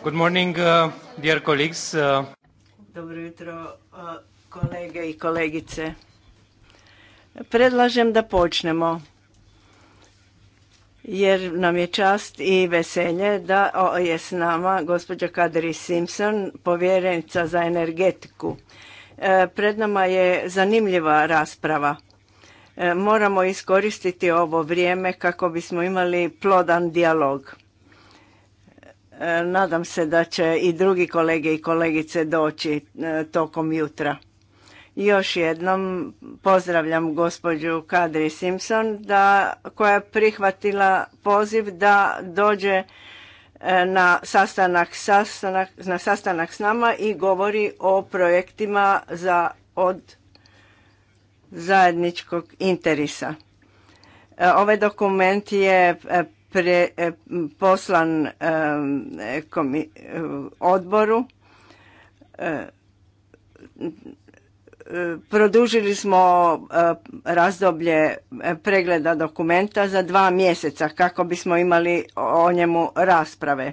Good morning, uh, uh, Dobro jutro, uh, kolege i kolegice. Predlažem da počnemo, jer nam je čast i veselje da je s nama gospođa Kadri Simpson, povjerenica za energetiku. E, pred nama je zanimljiva rasprava. E, moramo iskoristiti ovo vrijeme kako bismo imali plodan dijalog E, nadam se da će i drugi kolege i kolegice doći e, tokom jutra. Još jednom pozdravljam gospođu Kadri Simpson da, koja je prihvatila poziv da dođe e, na sastanak, sastanak, na sastanak s nama i govori o projektima za od zajedničkog interesa. Ovaj dokument je pre, e, poslan e, komi, e, odboru. Produžili smo razdoblje pregleda dokumenta za dva mjeseca kako bismo imali o njemu rasprave.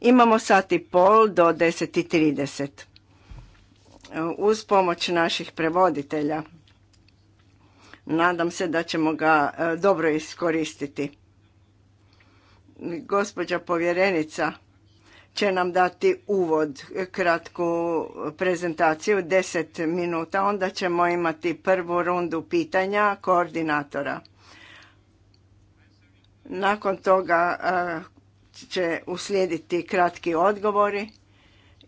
Imamo sati pol do 10.30 uz pomoć naših prevoditelja. Nadam se da ćemo ga dobro iskoristiti gospođa povjerenica će nam dati uvod, kratku prezentaciju, deset minuta, onda ćemo imati prvu rundu pitanja koordinatora. Nakon toga će uslijediti kratki odgovori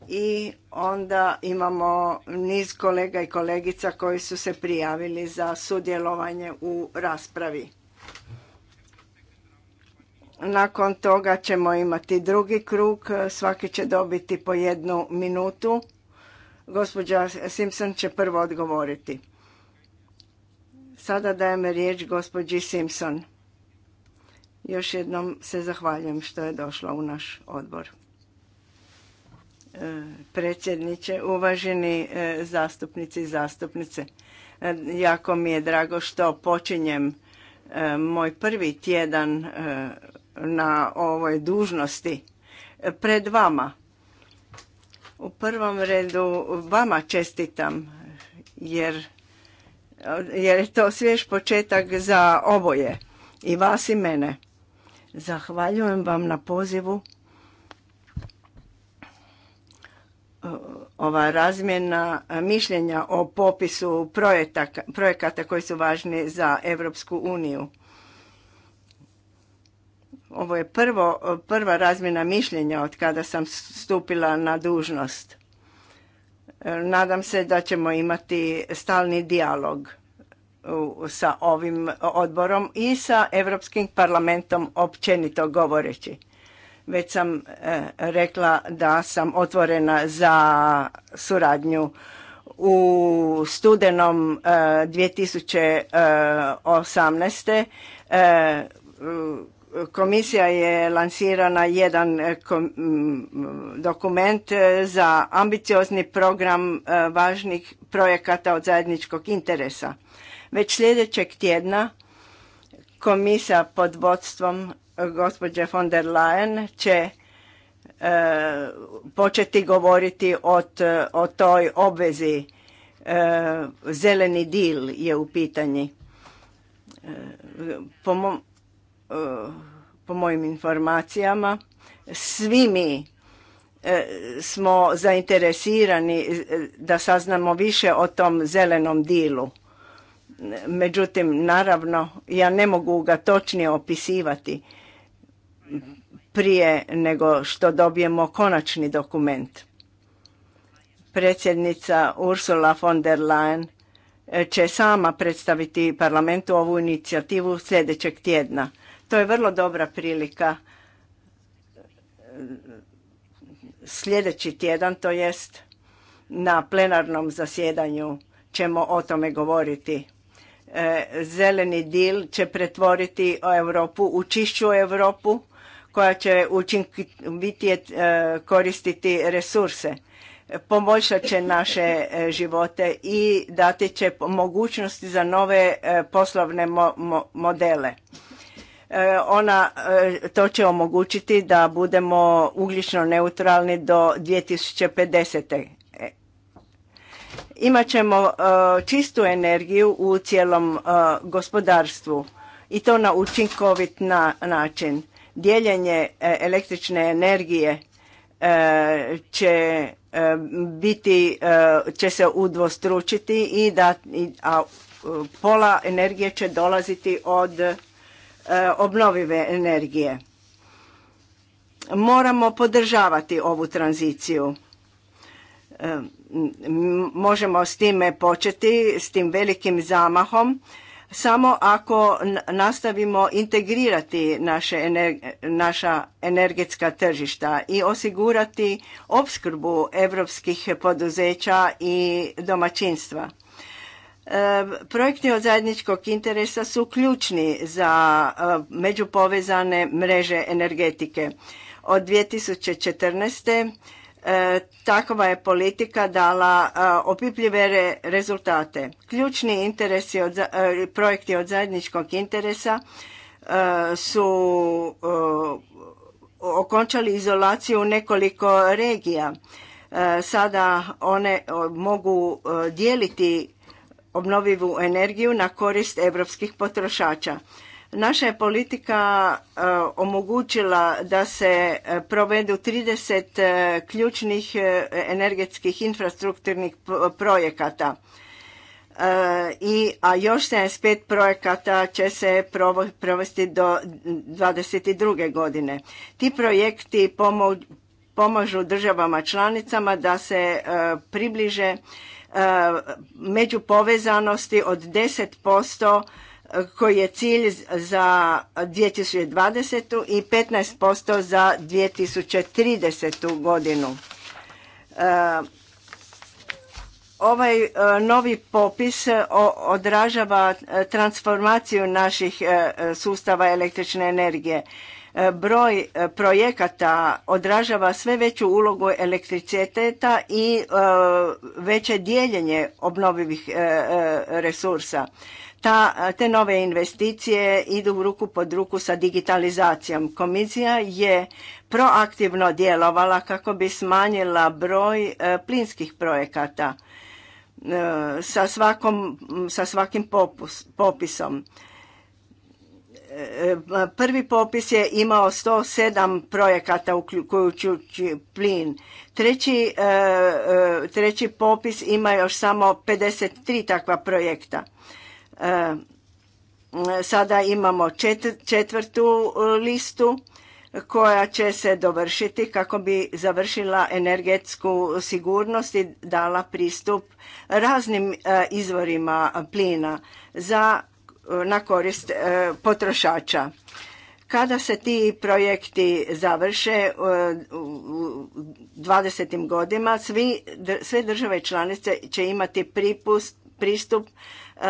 i onda imamo niz kolega i kolegica koji su se prijavili za sudjelovanje u raspravi. Nakon toga ćemo imati drugi krug, svaki će dobiti po jednu minutu. Gospođa Simpson će prvo odgovoriti. Sada dajem riječ gospođi Simpson. Još jednom se zahvaljujem što je došla u naš odbor. E, predsjedniče, uvaženi e, zastupnici i zastupnice, e, jako mi je drago što počinjem moj prvi tjedan na ovoj dužnosti pred vama. U prvom redu vama čestitam jer, jer je to svjež početak za oboje i vas i mene. Zahvaljujem vam na pozivu. Ova razmjena mišljenja o popisu projekata, koji su važni za Europsku uniju. Ovo je prvo, prva razmjena mišljenja od kada sam stupila na dužnost. E, nadam se da ćemo imati stalni dijalog sa ovim odborom i sa Europskim parlamentom općenito govoreći. Već sam e, rekla da sam otvorena za suradnju u studenom 2018. E, Komisija je lansirana jedan e, mm, dokument e, za ambiciozni program e, važnih projekata od zajedničkog interesa. Već sljedećeg tjedna komisija pod vodstvom gospođe von der Leyen će početi govoriti o toj obvezi. Zeleni dil je u pitanji. Po mom po mojim informacijama, svi mi e, smo zainteresirani e, da saznamo više o tom zelenom dilu. Međutim, naravno, ja ne mogu ga točnije opisivati prije nego što dobijemo konačni dokument. Predsjednica Ursula von der Leyen e, će sama predstaviti parlamentu ovu inicijativu sljedećeg tjedna. To je vrlo dobra prilika sljedeći tjedan, to jest na plenarnom zasjedanju ćemo o tome govoriti. E, zeleni dil će pretvoriti Europu u čišću Europu koja će učinkovitije e, koristiti resurse. Poboljšat će naše e, živote i dati će mogućnosti za nove poslovne modele. Eh, ona eh, to će omogućiti da budemo ugljično neutralni do 2050. Eh, Imaćemo čistu energiju u cijelom gospodarstvu i to na učinkovit način. Dijeljenje električne energije će biti, će se udvostručiti i da, a pola energije će dolaziti od E, obnovive energije. Moramo podržavati ovu tranziciju. E, možemo s time početi, s tim velikim zamahom, samo ako nastavimo integrirati naše naša energetska tržišta i osigurati opskrbu europskih poduzeća i domaćinstva Projekti od zajedničkog interesa su ključni za međupovezane mreže energetike. Od 2014. takva je politika dala opipljive rezultate. Ključni interesi od, projekti od zajedničkog interesa su okončali izolaciju nekoliko regija. Sada one mogu dijeliti obnovivu energiju na korist europskih potrošača. Naša je politika e, omogućila da se e, provedu 30 e, ključnih energetskih infrastrukturnih projekata i a još 75 projekata će se provesti do 2022. godine. Ti projekti pomažu državama članicama da se približe E, međupovezanosti od 10% e, koji je cilj za 2020. i 15% za 2030. godinu. E, ovaj novi popis odražava transformaciju naših sustava električne energije. E, broj e, projekata odražava sve veću ulogu elektriciteta i e, veće dijeljenje obnovivih resursa. Ta, te nove investicije idu ruku pod ruku sa digitalizacijom. Komisija je proaktivno djelovala kako bi smanjila broj plinskih projekata sa, svakom, sa svakim popisom. Prvi popis je imao 107 projekata uključujući plin. Treći, e, e, treći popis ima još samo 53 takva projekta. E, sada imamo četvrtu listu koja će se dovršiti kako bi završila energetsku sigurnost i dala pristup raznim izvorima plina za na korist e, potrošača. Kada se ti projekti završe e, u 20. godima, sve države članice će imati pristup e,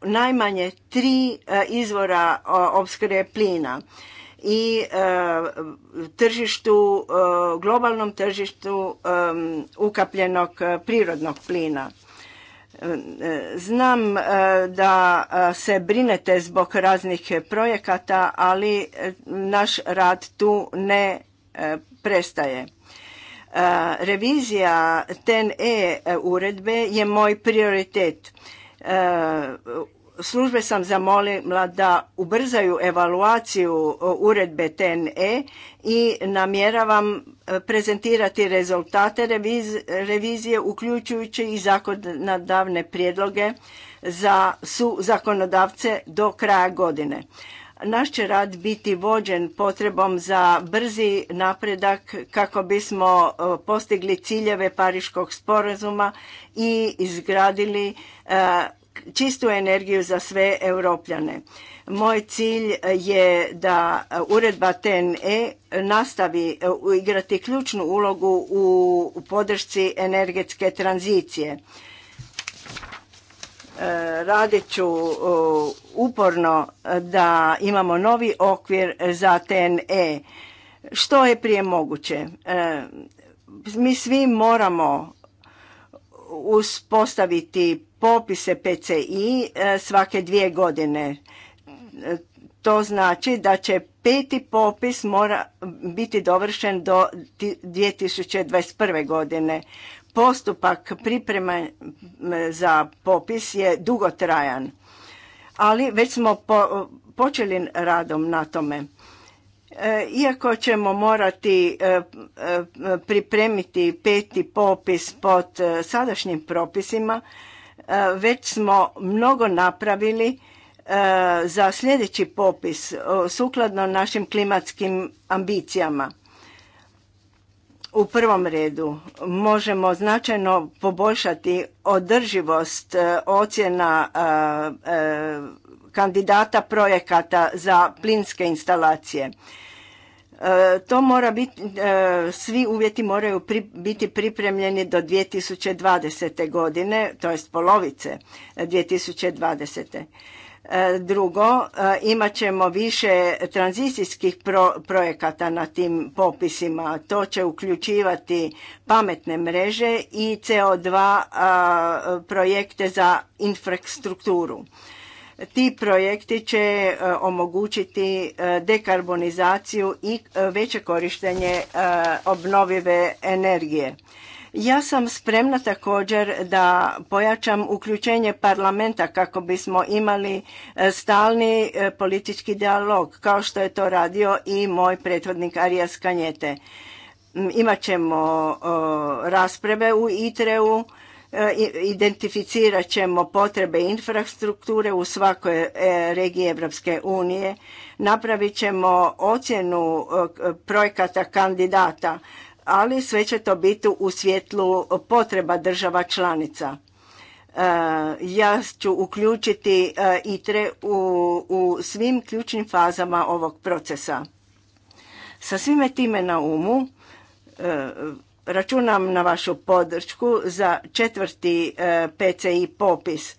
najmanje tri izvora opskrbe plina i tržištu, globalnom tržištu ukapljenog prirodnog plina Znam e, da e, se brinete zbog raznih projekata, ali e, naš rad tu ne prestaje. Revizija TEN-E uredbe je moj prioritet službe sam zamolila da ubrzaju evaluaciju e, uredbe TNE i namjeravam e, prezentirati rezultate revizije uključujući i zakonodavne prijedloge za su zakonodavce do kraja godine. Naš će rad biti vođen potrebom za brzi napredak kako bismo e, postigli ciljeve Pariškog sporazuma i izgradili čistu energiju za sve europljane. Moj cilj e, je da e, uredba TNE nastavi e, igrati ključnu ulogu u podršci energetske tranzicije. Radit ću uporno da imamo novi okvir za TNE. Što je prije moguće? Mi svi moramo uspostaviti popise PCI e, svake dvije godine. E, to znači da će peti popis mora biti dovršen do 2021. godine. Postupak priprema za popis je dugotrajan, ali već smo počeli radom na tome. E, iako ćemo morati pripremiti peti popis pod sadašnjim propisima, E, već smo mnogo napravili e, za sljedeći popis e, sukladno našim klimatskim ambicijama. U prvom redu možemo značajno poboljšati održivost ocjena kandidata projekata za plinske instalacije. E, to mora biti, e, svi uvjeti moraju biti pripremljeni do 2020. godine, to jest polovice 2020. E, drugo, imat ćemo više tranzicijskih projekata na tim popisima. To će uključivati pametne mreže i CO2 projekte za infrastrukturu. Ti projekti će e, omogućiti e, dekarbonizaciju i e, veće korištenje obnovive energije. Ja sam spremna također da pojačam uključenje parlamenta kako bismo imali stalni politički dijalog kao što je to radio i moj prethodnik Arias Kanjete. Imat ćemo rasprave u ITRE-u E, identificirat ćemo potrebe infrastrukture u svakoj e, regiji Europske unije, napravit ćemo ocjenu e, projekata kandidata, ali sve će to biti u svjetlu potreba država članica. Ja ću uključiti ITRE u, u svim ključnim fazama ovog procesa. Sa svime time na umu, Računam na vašu podršku za četvrti e, PCI popis.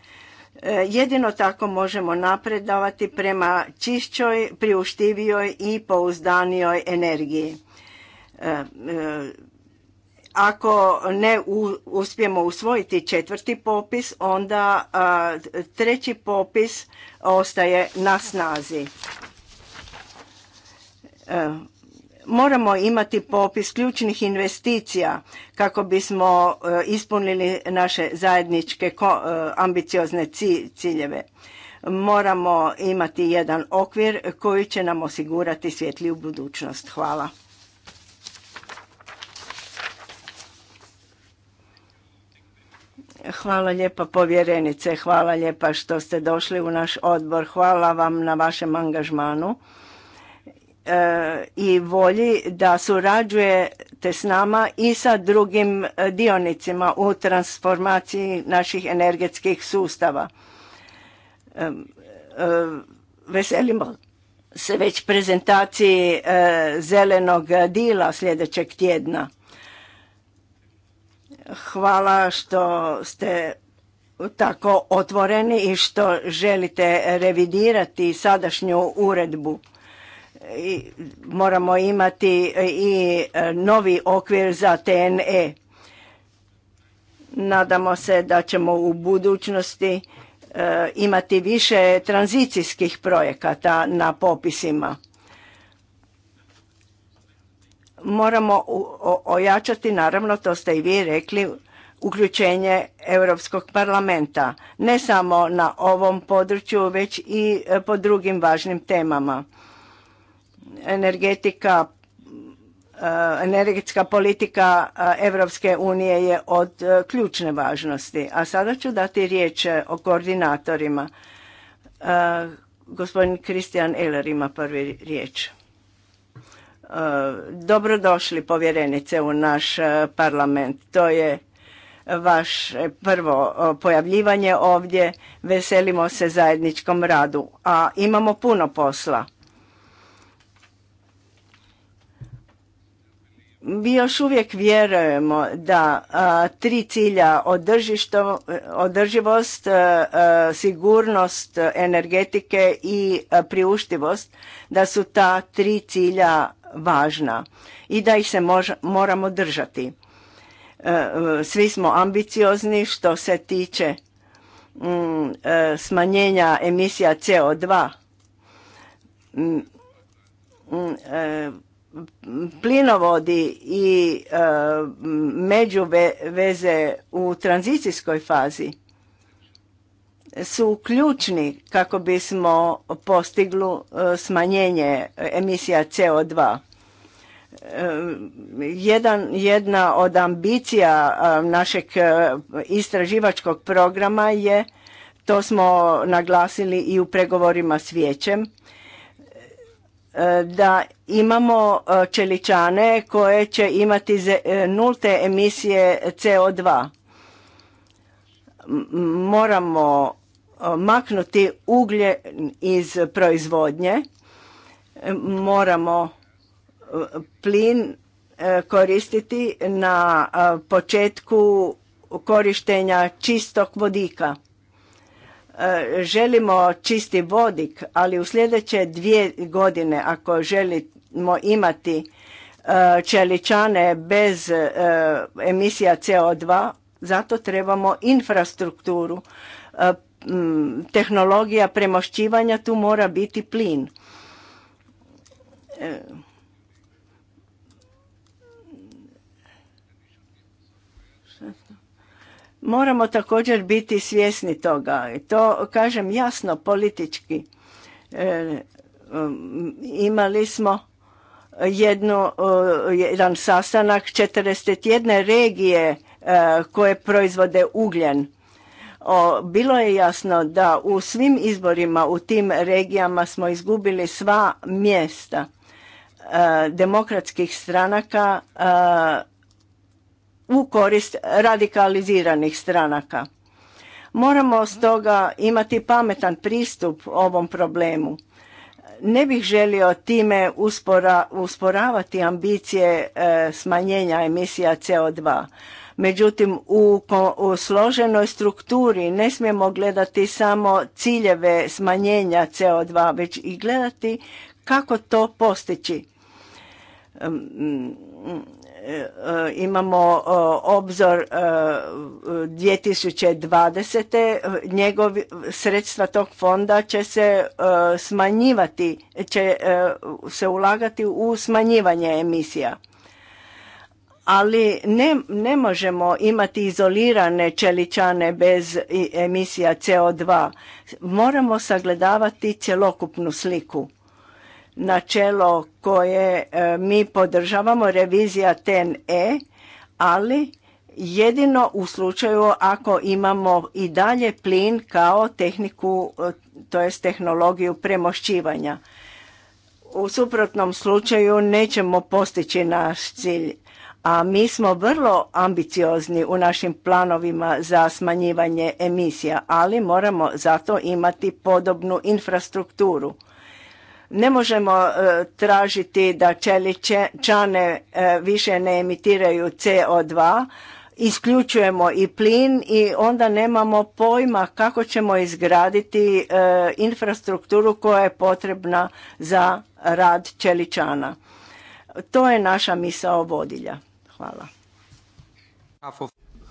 E, jedino tako možemo napredovati prema čišćoj, priuštivijoj i pouzdanijoj energiji. E, ako ne uspijemo usvojiti četvrti popis, onda treći popis ostaje na snazi Moramo imati popis ključnih investicija kako bismo e, ispunili naše zajedničke e, ambiciozne ciljeve. Moramo imati jedan okvir koji će nam osigurati svjetliju budućnost. Hvala. Hvala lijepa povjerenice, hvala lijepa što ste došli u naš odbor, hvala vam na vašem angažmanu i volji da surađujete s nama i sa drugim e, dionicima u transformaciji naših energetskih sustava. E, veselimo se već prezentaciji e, zelenog dila sljedećeg tjedna. Hvala što ste tako otvoreni i što želite revidirati sadašnju uredbu moramo imati i e, novi okvir za TNE. Nadamo se da ćemo u budućnosti e, imati više tranzicijskih projekata na popisima. Moramo ojačati, naravno to ste i vi rekli, uključenje Europskog parlamenta, ne samo na ovom području, već i e, po drugim važnim temama energetika eh, energetska politika Europske eh, unije je od eh, ključne važnosti. A sada ću dati riječ o koordinatorima. Gospodin Kristijan Eller ima prvi riječ. Dobrodošli povjerenice u naš parlament. To je vaše prvo pojavljivanje ovdje. Veselimo se zajedničkom radu, a imamo puno posla. mi još uvijek vjerujemo da tri cilja održivost, sigurnost energetike i a, priuštivost, da su ta tri cilja važna i da ih se moramo držati. E, e, svi smo ambiciozni što se tiče mm, e, smanjenja emisija CO2 plinovodi i e, međuveze u tranzicijskoj fazi su ključni kako bismo postigli e, smanjenje emisija CO2. E, jedan, jedna od ambicija našeg istraživačkog programa je, to smo naglasili i u pregovorima s vijećem, E, da imamo e, čeličane koje će imati e, nulte emisije CO2. Moramo maknuti uglje iz proizvodnje, moramo plin koristiti na početku korištenja čistog vodika. E, želimo čisti vodik, ali u sljedeće dvije godine ako želimo imati e, čeličane bez e, emisija CO2, zato trebamo infrastrukturu. Tehnologija premošćivanja tu mora biti plin. Moramo također biti svjesni toga. To kažem jasno politički. E, um, imali smo jednu jedan sastanak 41 regije e, koje proizvode ugljen. bilo je jasno da u svim izborima u tim regijama smo izgubili sva mjesta e, demokratskih stranaka u korist radikaliziranih stranaka. Moramo stoga imati pametan pristup ovom problemu. Ne bih želio time usporavati ambicije e, smanjenja emisija CO2. Međutim, u, u složenoj strukturi ne smijemo gledati samo ciljeve smanjenja CO2, već i gledati kako to postići. E, imamo e, obzor 2020. E, njegov sredstva tog fonda će se smanjivati, će se ulagati u smanjivanje emisija. Ali ne, ne možemo imati izolirane čeličane bez emisija CO2. Moramo sagledavati cjelokupnu sliku načelo koje e, mi podržavamo, revizija TEN-E, ali jedino u slučaju ako imamo i dalje plin kao tehniku, e, to jest tehnologiju premošćivanja. U suprotnom slučaju nećemo postići naš cilj, a mi smo vrlo ambiciozni u našim planovima za smanjivanje emisija, ali moramo zato imati podobnu infrastrukturu ne možemo e, tražiti da čeličane e, više ne emitiraju CO2, isključujemo i plin i onda nemamo pojma kako ćemo izgraditi e, infrastrukturu koja je potrebna za rad čeličana. To je naša misa vodilja. Hvala.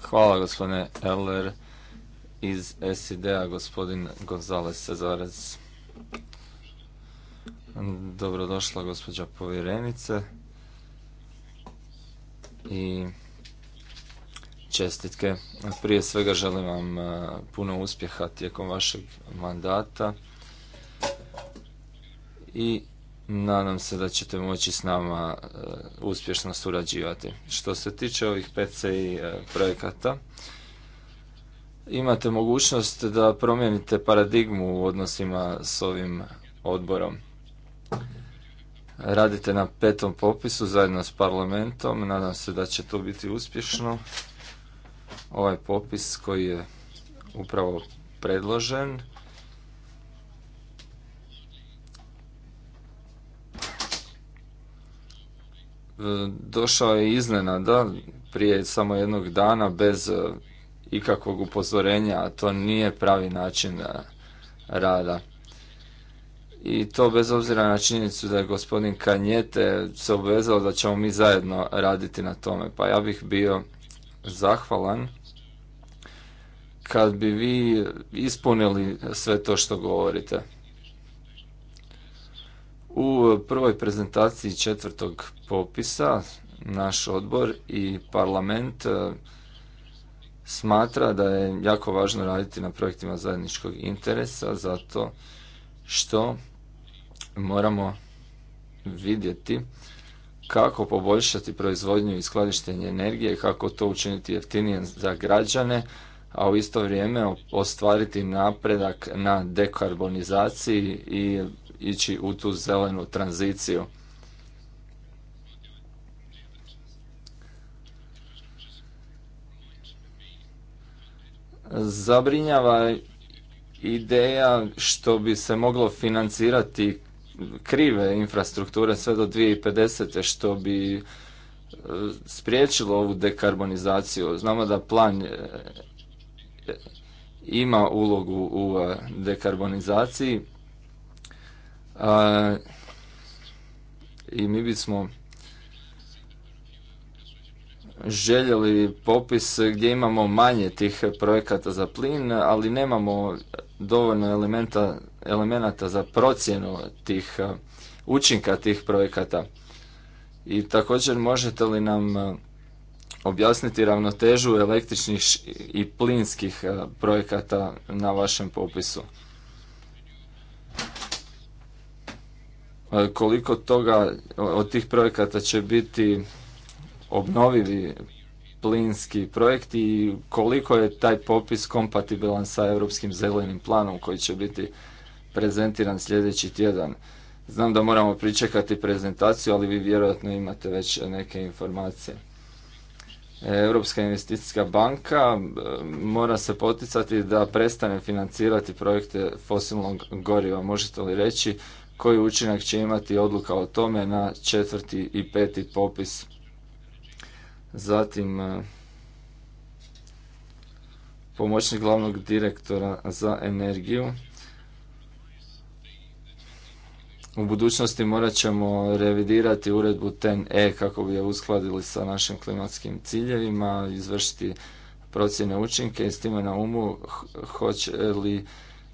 Hvala gospodine Eller. Iz SID-a gospodin Gonzales Cezarez. Dobrodošla gospođa povjerenice i čestitke. Prije svega želim vam e, puno uspjeha tijekom vašeg mandata i nadam se da ćete moći s nama e, uspješno surađivati. Što se tiče ovih PCI e, projekata, imate mogućnost da promijenite paradigmu u odnosima s ovim odborom radite na petom popisu zajedno s parlamentom. Nadam se da će to biti uspješno. Ovaj popis koji je upravo predložen. Došao je iznenada prije samo jednog dana bez ikakvog upozorenja, a to nije pravi način eh, rada i to bez obzira na činjenicu da je gospodin Kanjete se obvezao da ćemo mi zajedno raditi na tome. Pa ja bih bio zahvalan kad bi vi ispunili sve to što govorite. U prvoj prezentaciji četvrtog popisa naš odbor i parlament e, smatra da je jako važno raditi na projektima zajedničkog interesa zato što moramo vidjeti kako poboljšati proizvodnju i skladištenje energije kako to učiniti jeftinijem za građane, a u isto vrijeme ostvariti napredak na dekarbonizaciji i ići u tu zelenu tranziciju. Zabrinjava ideja što bi se moglo financirati krive infrastrukture sve do 2050. što bi e, spriječilo ovu dekarbonizaciju. Znamo da plan e, e, ima ulogu u dekarbonizaciji i mi bismo željeli popis gdje imamo manje tih projekata za plin, ali nemamo dovoljno elementa elemenata za procjenu tih e, učinka tih projekata. I također možete li nam e, objasniti ravnotežu električnih i plinskih e, projekata na vašem popisu? Koliko toga od tih projekata će biti obnovivi plinski projekt i koliko je taj popis kompatibilan sa europskim zelenim planom koji će biti prezentiran sljedeći tjedan. Znam da moramo pričekati prezentaciju, ali vi vjerojatno imate već neke informacije. E, Europska investicijska banka e, mora se poticati da prestane financirati projekte fosilnog goriva. Možete li reći koji učinak će imati odluka o tome na četvrti i peti popis? Zatim, e, pomoćnik glavnog direktora za energiju. u budućnosti morat ćemo revidirati uredbu TEN-E kako bi je uskladili sa našim klimatskim ciljevima, izvršiti procjene učinke i s time na umu hoće li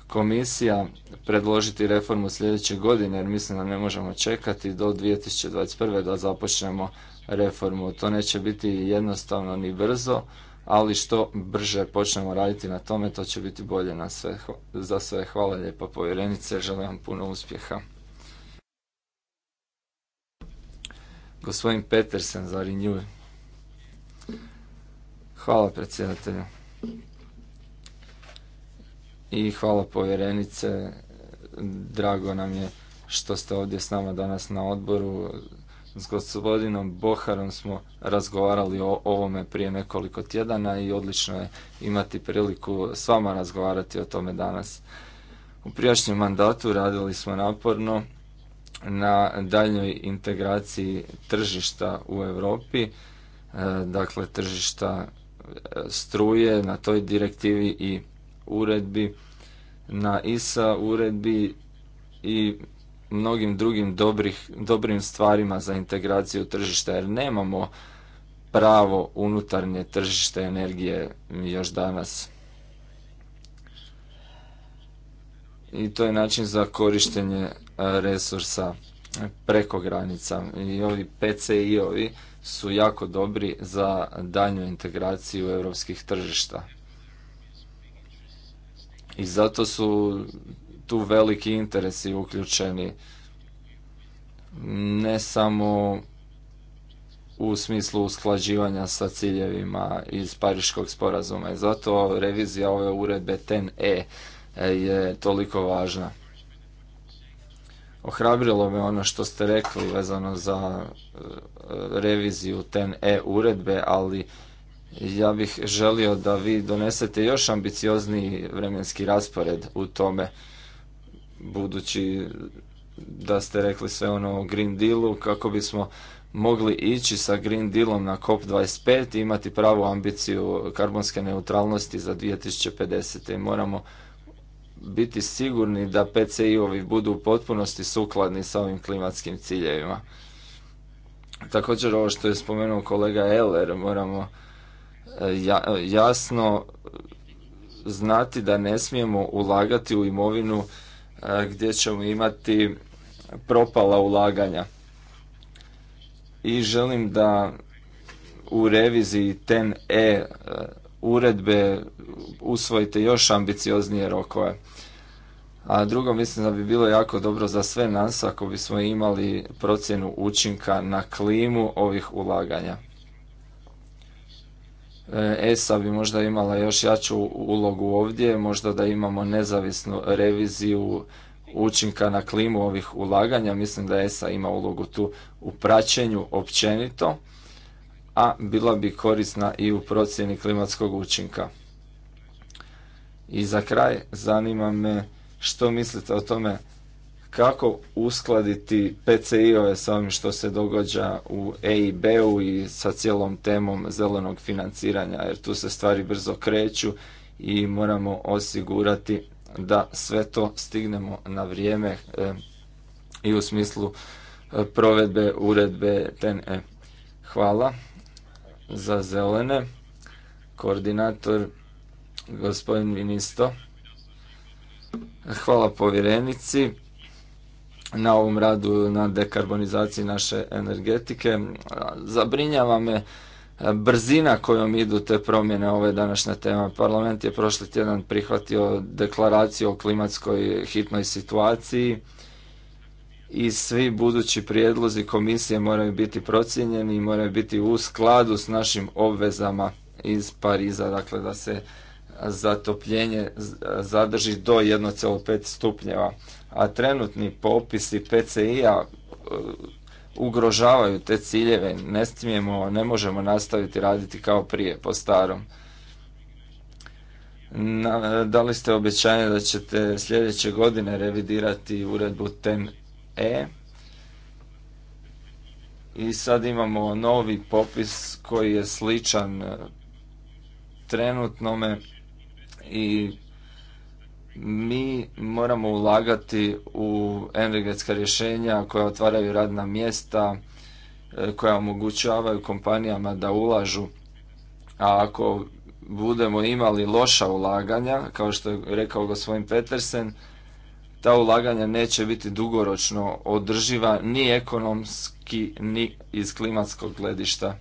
komisija predložiti reformu sljedeće godine jer mislim da ne možemo čekati do 2021. da započnemo reformu. To neće biti jednostavno ni brzo, ali što brže počnemo raditi na tome, to će biti bolje za sve. Hvala lijepa povjerenice, želim vam puno uspjeha. Gospodin Petersen za Renew. Hvala predsjedatelju. I hvala povjerenice. Drago nam je što ste ovdje s nama danas na odboru. S gospodinom Boharom smo razgovarali o ovome prije nekoliko tjedana i odlično je imati priliku s vama razgovarati o tome danas. U prijašnjem mandatu radili smo naporno na daljnjoj integraciji tržišta u Europi, e, dakle tržišta e, struje na toj direktivi i uredbi, na ISA uredbi i mnogim drugim dobrih, dobrim stvarima za integraciju tržišta jer nemamo pravo unutarnje tržište energije još danas. I to je način za korištenje resursa preko granica. I ovi PCI-ovi su jako dobri za daljnju integraciju europskih tržišta. I zato su tu veliki interesi uključeni ne samo u smislu usklađivanja sa ciljevima iz Pariškog sporazuma. I zato revizija ove uredbe 10 e je toliko važna. Ohrabrilo me ono što ste rekli vezano za e, reviziju ten E uredbe, ali ja bih želio da vi donesete još ambiciozniji vremenski raspored u tome, budući da ste rekli sve ono o Green Dealu, kako bismo mogli ići sa Green Dealom na COP25 i imati pravu ambiciju karbonske neutralnosti za 2050. I moramo biti sigurni da PCI-ovi budu u potpunosti sukladni sa ovim klimatskim ciljevima. Također ovo što je spomenuo kolega Eller, moramo e, jasno znati da ne smijemo ulagati u imovinu e, gdje ćemo imati propala ulaganja. I želim da u reviziji ten E, e uredbe usvojite još ambicioznije rokove. A drugo, mislim da bi bilo jako dobro za sve nas ako bismo imali procjenu učinka na klimu ovih ulaganja. E, ESA bi možda imala još jaču ulogu ovdje, možda da imamo nezavisnu reviziju učinka na klimu ovih ulaganja. Mislim da ESA ima ulogu tu u praćenju općenito a bila bi korisna i u procjeni klimatskog učinka. I za kraj zanima me što mislite o tome kako uskladiti PCI-ove sa ovim što se događa u EIB-u i sa cijelom temom zelenog financiranja, jer tu se stvari brzo kreću i moramo osigurati da sve to stignemo na vrijeme e, i u smislu e, provedbe uredbe TNE. Hvala za zelene, koordinator gospodin ministro, Hvala povjerenici na ovom radu na dekarbonizaciji naše energetike. Zabrinjava me brzina kojom idu te promjene, ove današnje tema. Parlament je prošli tjedan prihvatio deklaraciju o klimatskoj hitnoj situaciji i svi budući prijedlozi komisije moraju biti procijenjeni i moraju biti u skladu s našim obvezama iz Pariza, dakle da se zatopljenje zadrži do 1,5 stupnjeva. A trenutni popisi PCI-a e, ugrožavaju te ciljeve, ne smijemo, ne možemo nastaviti raditi kao prije po starom. Na, e, dali ste obećanje da ćete sljedeće godine revidirati uredbu TEN E. I sad imamo novi popis koji je sličan e, trenutnome i mi moramo ulagati u energetska rješenja koja otvaraju radna mjesta, e, koja omogućavaju kompanijama da ulažu. A ako budemo imali loša ulaganja, kao što je rekao gospodin Petersen, ta ulaganja neće biti dugoročno održiva ni ekonomski ni iz klimatskog gledišta.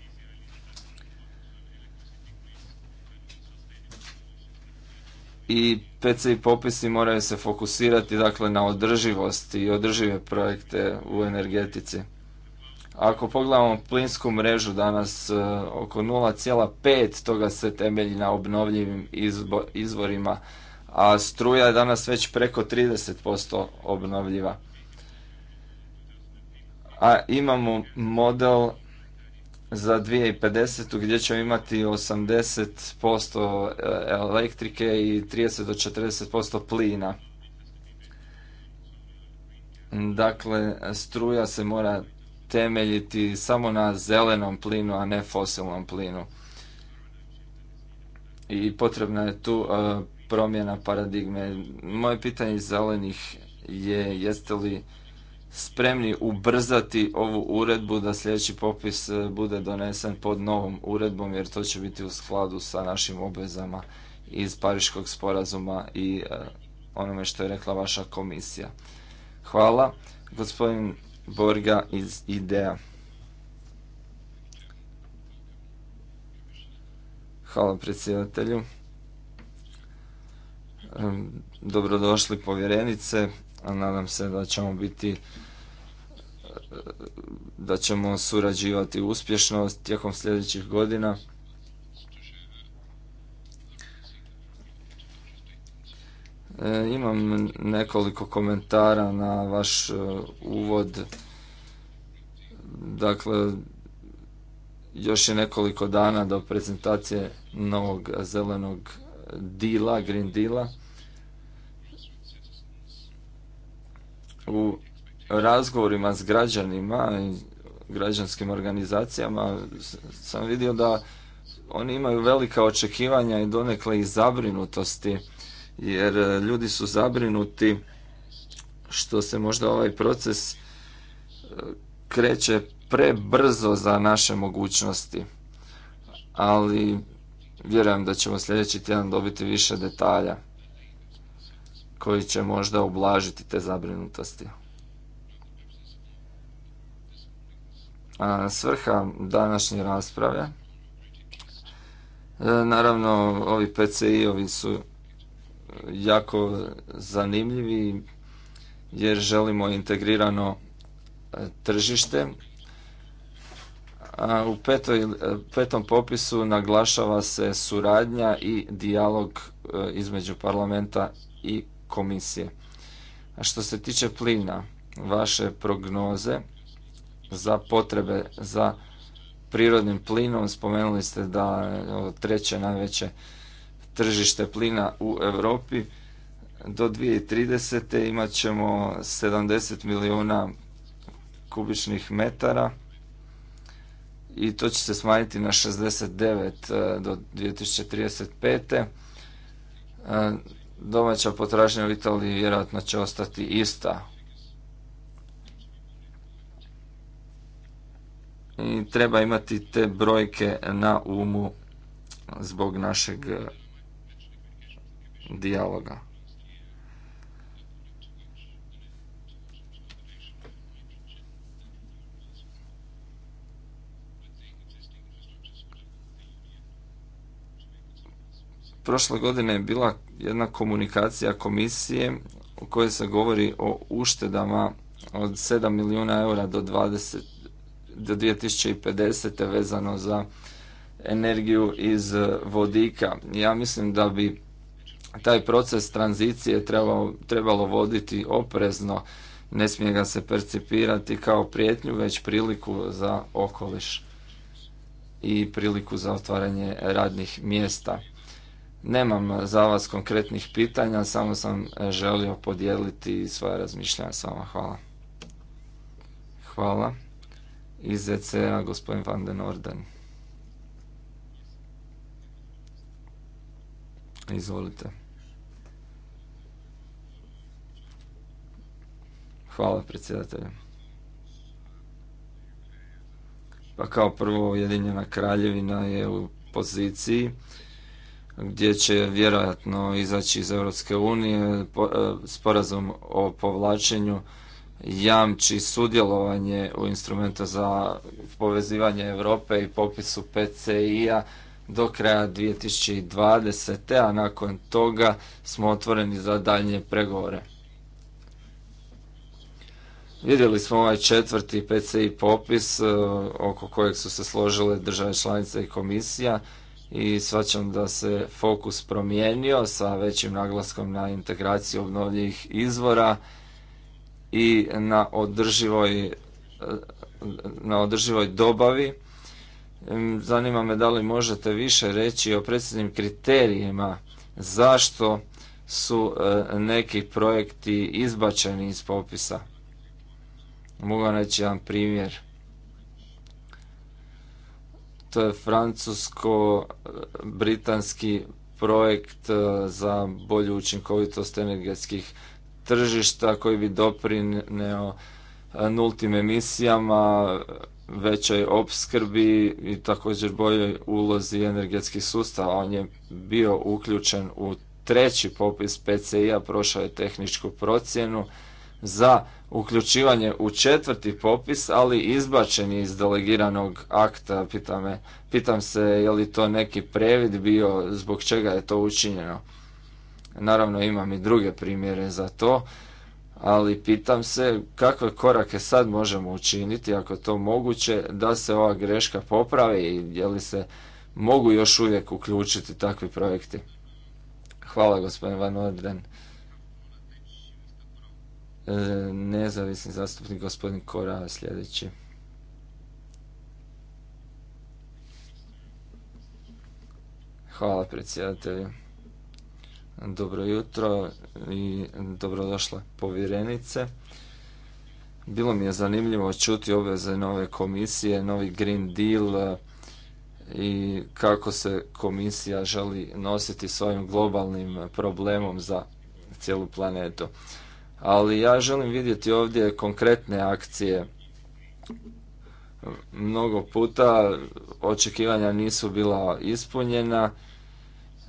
I i popisi moraju se fokusirati dakle na održivost i održive projekte u energetici. Ako pogledamo plinsku mrežu danas e, oko 0,5 toga se temelji na obnovljivim izvorima a struja je danas već preko 30% obnovljiva. A imamo model za 2050. gdje ćemo imati 80% e, elektrike i 30 do 40% plina. Dakle, struja se mora temeljiti samo na zelenom plinu, a ne fosilnom plinu. I potrebna je tu e, promjena paradigme. Moje pitanje iz zelenih je jeste li spremni ubrzati ovu uredbu da sljedeći popis e, bude donesen pod novom uredbom jer to će biti u skladu sa našim obvezama iz Pariškog sporazuma i e, onome što je rekla vaša komisija. Hvala. Gospodin Borga iz IDEA. Hvala predsjedatelju. Dobrodošli povjerenice, a nadam se da ćemo biti e, da ćemo surađivati uspješno tijekom sljedećih godina. E, imam nekoliko komentara na vaš e, uvod. Dakle, još je nekoliko dana do prezentacije novog zelenog dila, Green Deala. u razgovorima s građanima i građanskim organizacijama sam vidio da oni imaju velika očekivanja i donekle i zabrinutosti jer e, ljudi su zabrinuti što se možda ovaj proces e, kreće prebrzo za naše mogućnosti. Ali vjerujem da ćemo sljedeći tjedan dobiti više detalja koji će možda oblažiti te zabrinutosti. A svrha današnje rasprave, e, naravno ovi PCI-ovi su jako zanimljivi jer želimo integrirano e, tržište. A u e, petom popisu naglašava se suradnja i dijalog između parlamenta i komisije. A što se tiče plina, vaše prognoze za potrebe za prirodnim plinom, spomenuli ste da je treće najveće tržište plina u Europi do 2030. imat ćemo 70 milijuna kubičnih metara i to će se smanjiti na 69 do 2035 domaća potražnja u Italiji vjerojatno će ostati ista. I treba imati te brojke na umu zbog našeg dijaloga. prošle godine je bila jedna komunikacija komisije u kojoj se govori o uštedama od 7 milijuna eura do, 20, do 2050. vezano za energiju iz vodika. Ja mislim da bi taj proces tranzicije trebalo, trebalo voditi oprezno, ne smije ga se percipirati kao prijetnju, već priliku za okoliš i priliku za otvaranje radnih mjesta. Nemam za vas konkretnih pitanja, samo sam e, želio podijeliti svoje razmišljanja s vama. Hvala. Hvala. Iz ECA gospodin Van den Orden. Izvolite. Hvala predsjedatelju. Pa kao prvo Ujedinjena kraljevina je u poziciji gdje će vjerojatno izaći iz Europske unije. E, sporazum o povlačenju jamči sudjelovanje u instrumentu za povezivanje Europe i popisu PCI-a do kraja 2020. a nakon toga smo otvoreni za daljnje pregovore. Vidjeli smo ovaj četvrti PCI popis e, oko kojeg su se složile države članice i komisija i svačam da se fokus promijenio sa većim naglaskom na integraciju obnovljivih izvora i na održivoj, e, na održivoj dobavi. Zanima me da li možete više reći o predsjednim kriterijima zašto su e, neki projekti izbačeni iz popisa. Mogu vam reći jedan primjer to je e, francusko-britanski projekt e, za bolju učinkovitost energetskih tržišta koji bi doprineo e, nultim emisijama, većoj opskrbi i također boljoj ulozi energetskih sustava. On je bio uključen u treći popis PCI-a, prošao je tehničku procjenu za uključivanje u četvrti popis, ali izbačen iz delegiranog akta. pitam se je li to neki previd bio, zbog čega je to učinjeno. Naravno imam i druge primjere za to, ali pitam se kakve korake sad možemo učiniti, ako to moguće, da se ova greška popravi i je li se mogu još uvijek uključiti takvi projekti. Hvala gospodin Van Odren. E, nezavisni zastupnik gospodin Kora sljedeći. Hvala predsjedatelju. Dobro jutro i dobrodošla povjerenice. Bilo mi je zanimljivo čuti obveze nove komisije, novi Green Deal e, i kako se komisija želi nositi svojim globalnim problemom za cijelu planetu ali ja želim vidjeti ovdje konkretne akcije. Mnogo puta očekivanja nisu bila ispunjena.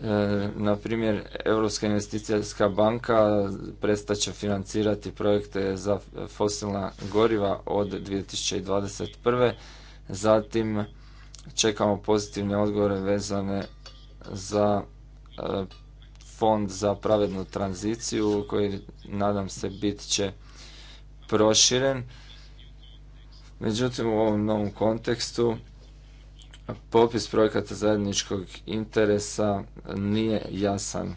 E, na primjer, Europska investicijska banka prestaće financirati projekte za fosilna goriva od 2021. Zatim čekamo pozitivne odgovore vezane za e, fond za pravednu tranziciju koji nadam se bit će proširen. Međutim, u ovom novom kontekstu popis projekata zajedničkog interesa nije jasan.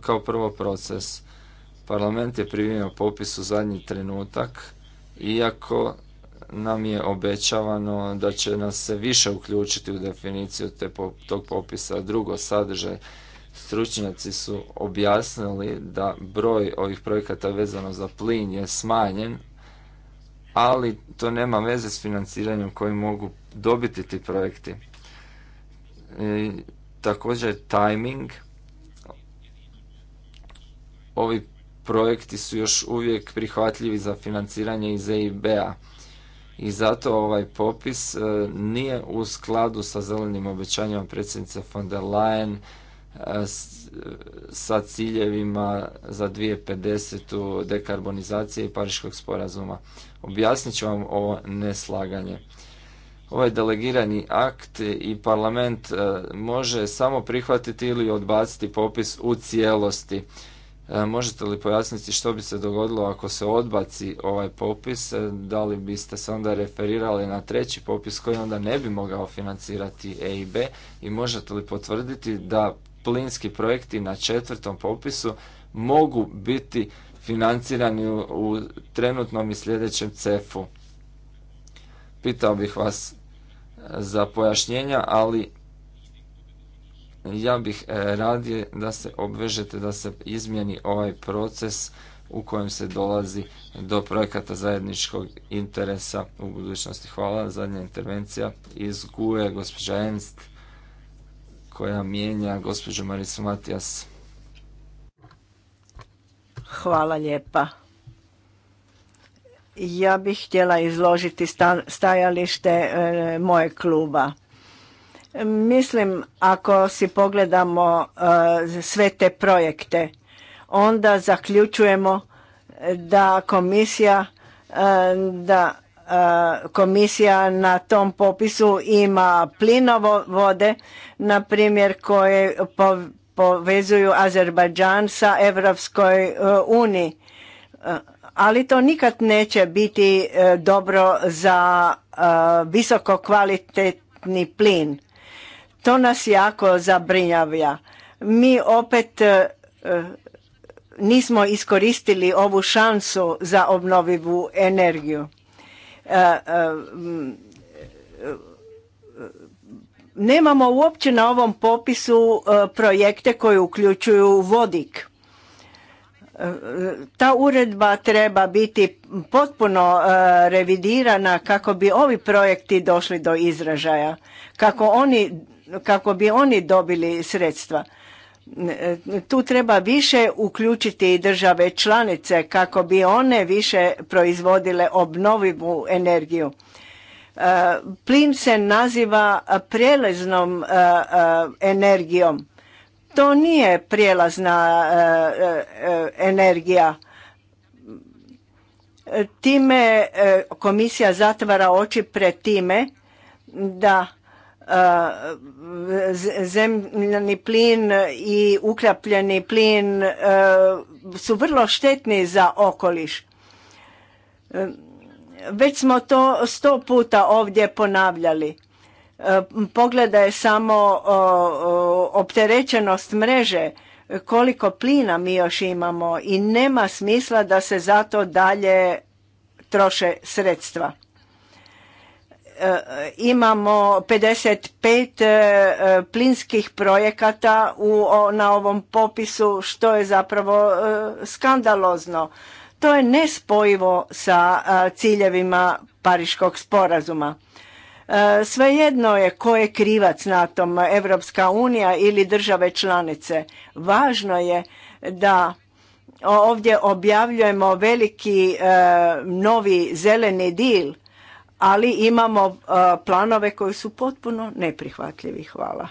kao prvo proces, parlament je primio popis u zadnji trenutak, iako nam je obećavano da će nas se više uključiti u definiciju te, tog popisa. Drugo, sadržaj stručnjaci su objasnili da broj ovih projekata vezano za plin je smanjen, ali to nema veze s financiranjem koji mogu dobiti ti projekti. E, također timing. Ovi projekti su još uvijek prihvatljivi za financiranje iz EIB-a i zato ovaj popis e, nije u skladu sa zelenim obećanjima predsjednice von der Leyen sa ciljevima za 2050. dekarbonizacije i Pariškog sporazuma. Objasnit ću vam ovo neslaganje. Ovaj delegirani akt i parlament e, može samo prihvatiti ili odbaciti popis u cijelosti. E, možete li pojasniti što bi se dogodilo ako se odbaci ovaj popis? E, da li biste se onda referirali na treći popis koji onda ne bi mogao financirati EIB? I možete li potvrditi da plinski projekti na četvrtom popisu mogu biti financirani u, trenutnom i sljedećem CEF-u. Pitao bih vas e, za pojašnjenja, ali ja bih e, radije da se obvežete da se izmijeni ovaj proces u kojem se dolazi do projekata zajedničkog interesa u budućnosti. Hvala. Zadnja intervencija iz GUE, gospođa Enst koja mijenja gospođu Maricu Matijas. Hvala lijepa. Ja bih htjela izložiti stajalište e, moje kluba. Mislim, ako si pogledamo e, sve te projekte, onda zaključujemo e, da komisija da E, komisija na tom popisu ima plinovode, na primjer koje povezuju Azerbajdžan sa Evropskoj e, uniji. E, ali to nikad neće biti dobro za visoko kvalitetni plin. To nas jako zabrinjavlja. Mi opet nismo iskoristili ovu šansu za obnovivu energiju nemamo uopće na ovom popisu e, projekte koji uključuju vodik. E, ta uredba treba biti potpuno e, revidirana kako bi ovi projekti došli do izražaja, kako, kako bi oni dobili sredstva. E, tu treba više uključiti i države članice kako bi one više proizvodile obnovivu energiju. E, plin se naziva prijelaznom e, energijom. To nije prijelazna energija. Time komisija zatvara oči pred time da zemljani plin i ukljapljeni plin e, su vrlo štetni za okoliš. E, već smo to sto puta ovdje ponavljali. E, pogledaj samo opterećenost mreže, koliko plina mi još imamo i nema smisla da se zato dalje troše sredstva. E, imamo 55 e, e, plinskih projekata na ovom popisu što je zapravo skandalozno. To je nespojivo sa ciljevima Pariškog sporazuma. Svejedno je ko je krivac na tom, Evropska unija ili države članice. Važno je da ovdje objavljujemo veliki novi zeleni dil ali imamo planove koji su potpuno neprihvatljivi. Hvala.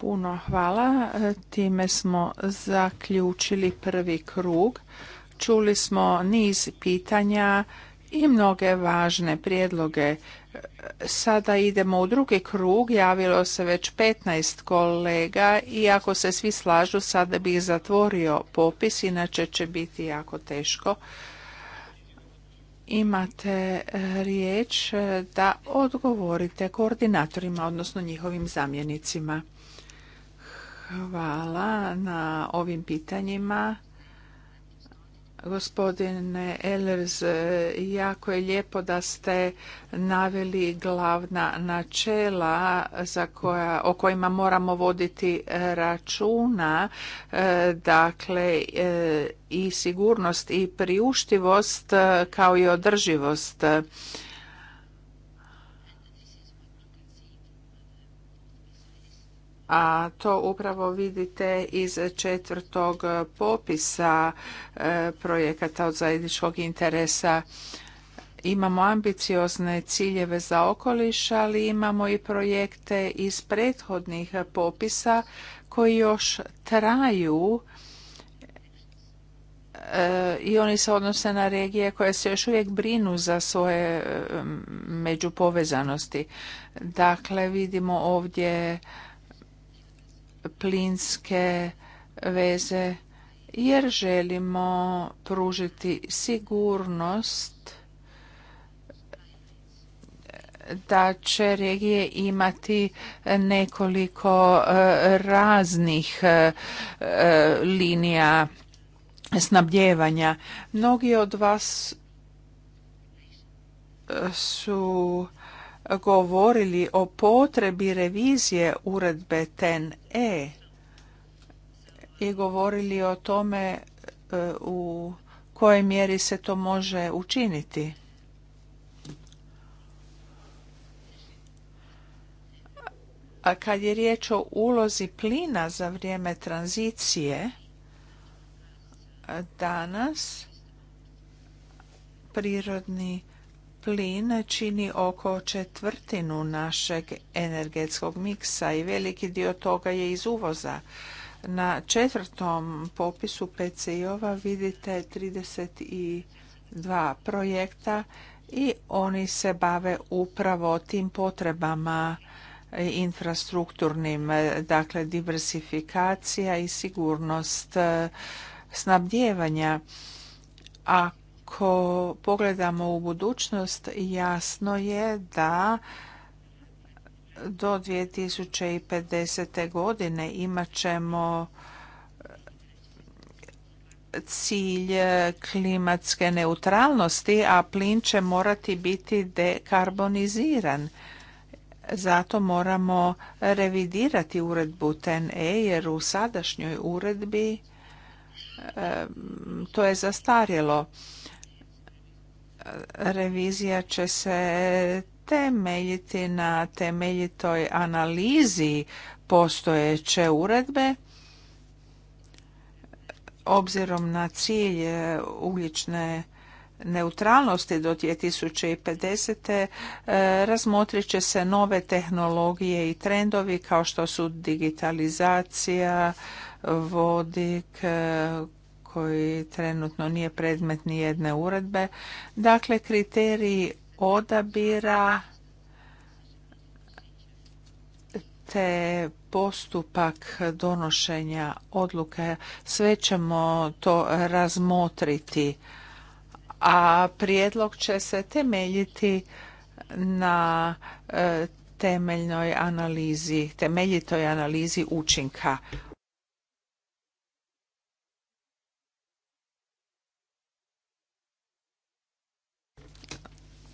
Puno hvala. E, time smo zaključili prvi krug. Čuli smo niz pitanja i mnoge važne prijedloge Sada idemo u drugi krug, javilo se već 15 kolega i ako se svi slažu sada bih zatvorio popis, inače će biti jako teško. Imate e, riječ e, da odgovorite koordinatorima, odnosno njihovim zamjenicima. Hvala na ovim pitanjima. Gospodine Ellers, jako je lijepo da ste naveli glavna načela za koja, o kojima moramo voditi e, računa, e, dakle e, i sigurnost i priuštivost kao i održivost a to upravo vidite iz četvrtog popisa e, projekata od zajedničkog interesa. Imamo ambiciozne ciljeve za okoliš, ali imamo i projekte iz prethodnih popisa koji još traju e, i oni se odnose na regije koje se još uvijek brinu za svoje e, međupovezanosti. Dakle, vidimo ovdje plinske veze jer želimo pružiti sigurnost da će regije imati nekoliko e, raznih e, e, linija snabdjevanja. Mnogi od vas su govorili o potrebi revizije uredbe TEN-E i govorili o tome e, u kojoj mjeri se to može učiniti. A kad je riječ o ulozi plina za vrijeme tranzicije, danas prirodni Plin čini oko četvrtinu našeg energetskog miksa i veliki dio toga je iz uvoza. Na četvrtom popisu PCI-ova vidite 32 projekta i oni se bave upravo tim potrebama infrastrukturnim, dakle diversifikacija i sigurnost snabdjevanja. Ako ako pogledamo u budućnost, jasno je da do 2050. godine imat ćemo e, cilj e, klimatske neutralnosti, a plin će morati biti dekarboniziran. Zato moramo revidirati uredbu TEN-E jer u sadašnjoj uredbi e, to je zastarjelo revizija će se temeljiti na temeljitoj analizi postojeće uredbe obzirom na cilj e, ugljične neutralnosti do 2050. E, razmotrit će se nove tehnologije i trendovi kao što su digitalizacija, vodik, e, koji trenutno nije predmet ni jedne uredbe. Dakle, kriteriji odabira te postupak donošenja odluke, sve ćemo to razmotriti, a prijedlog će se temeljiti na e, temeljnoj analizi, temeljitoj analizi učinka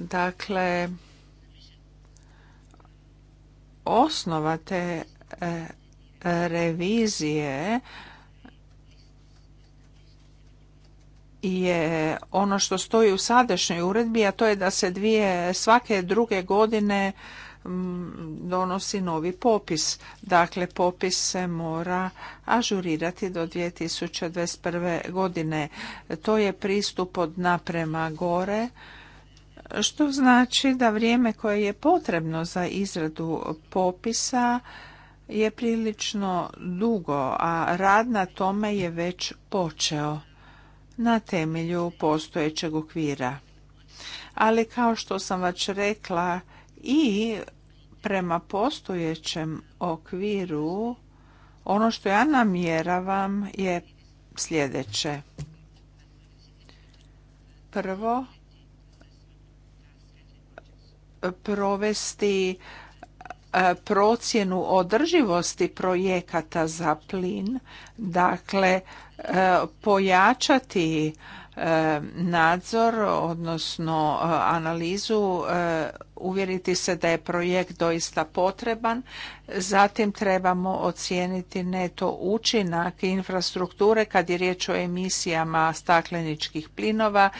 Dakle, osnova te e, revizije je ono što stoji u sadašnjoj uredbi, a to je da se dvije svake druge godine donosi novi popis. Dakle, popis se mora ažurirati do 2021. godine. To je pristup od naprema gore što znači da vrijeme koje je potrebno za izradu popisa je prilično dugo, a rad na tome je već počeo na temelju postojećeg okvira. Ali kao što sam već rekla i prema postojećem okviru ono što ja namjeravam je sljedeće. Prvo, provesti e, procjenu održivosti projekata za plin, dakle e, pojačati nadzor, odnosno e, analizu, e, uvjeriti se da je projekt doista potreban. Zatim trebamo ocijeniti neto učinak infrastrukture kad je riječ o emisijama stakleničkih plinova.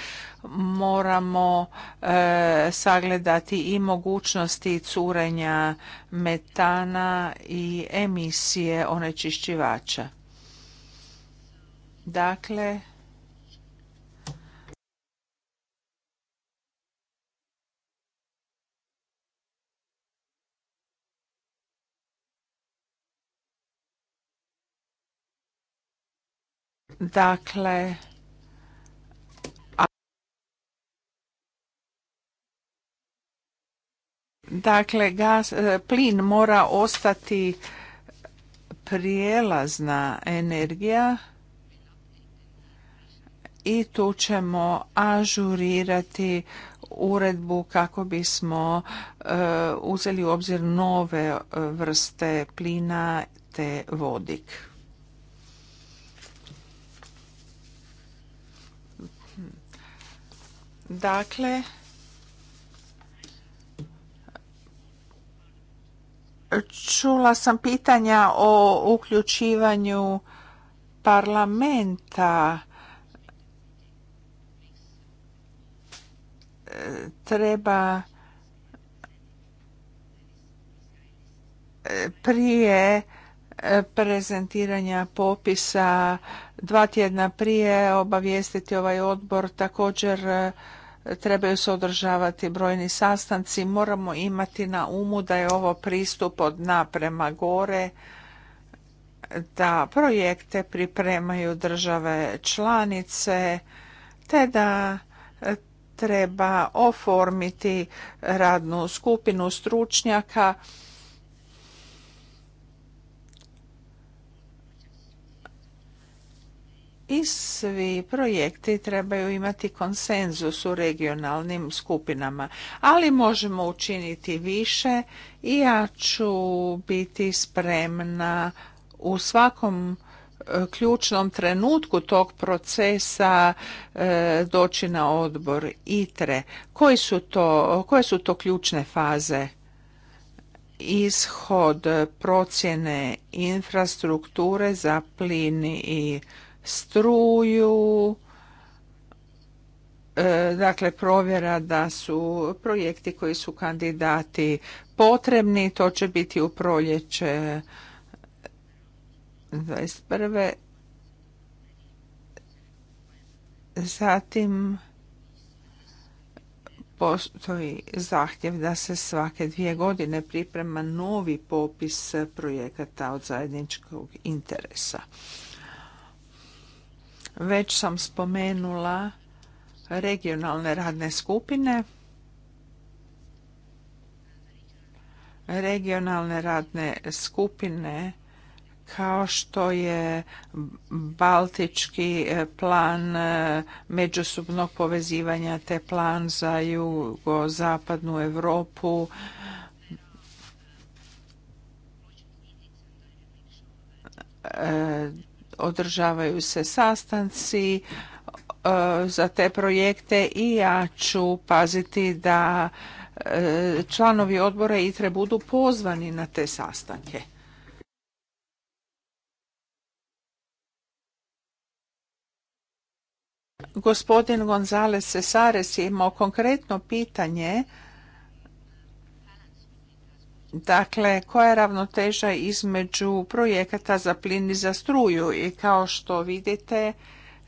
Moramo e, sagledati i mogućnosti curenja metana i emisije onečišćivača. Dakle, Dakle, Dakle, e, plin mora ostati prijelazna energija i tu ćemo ažurirati uredbu kako bismo e, uzeli u obzir nove vrste plina te vodik. Dakle, čula sam pitanja o uključivanju parlamenta. Treba prije prezentiranja popisa dva tjedna prije obavijestiti ovaj odbor također trebaju se održavati brojni sastanci. Moramo imati na umu da je ovo pristup od prema gore, da projekte pripremaju države članice, te da treba oformiti radnu skupinu stručnjaka i svi projekti trebaju imati konsenzus u regionalnim skupinama, ali možemo učiniti više i ja ću biti spremna u svakom e, ključnom trenutku tog procesa e, doći na odbor ITRE. Koji su to, koje su to ključne faze? Ishod procjene infrastrukture za plin i struju, e, dakle provjera da su projekti koji su kandidati potrebni, to će biti u proljeće 21. Zatim postoji zahtjev da se svake dvije godine priprema novi popis projekata od zajedničkog interesa. Već sam spomenula regionalne radne skupine. Regionalne radne skupine kao što je baltički e, plan e, međusobnog povezivanja te plan za jugozapadnu Europu e, održavaju se sastanci e, za te projekte i ja ću paziti da e, članovi odbora ITRE budu pozvani na te sastanke. Gospodin Gonzales Cesares je imao konkretno pitanje Dakle, koja je ravnoteža između projekata za plin i za struju i kao što vidite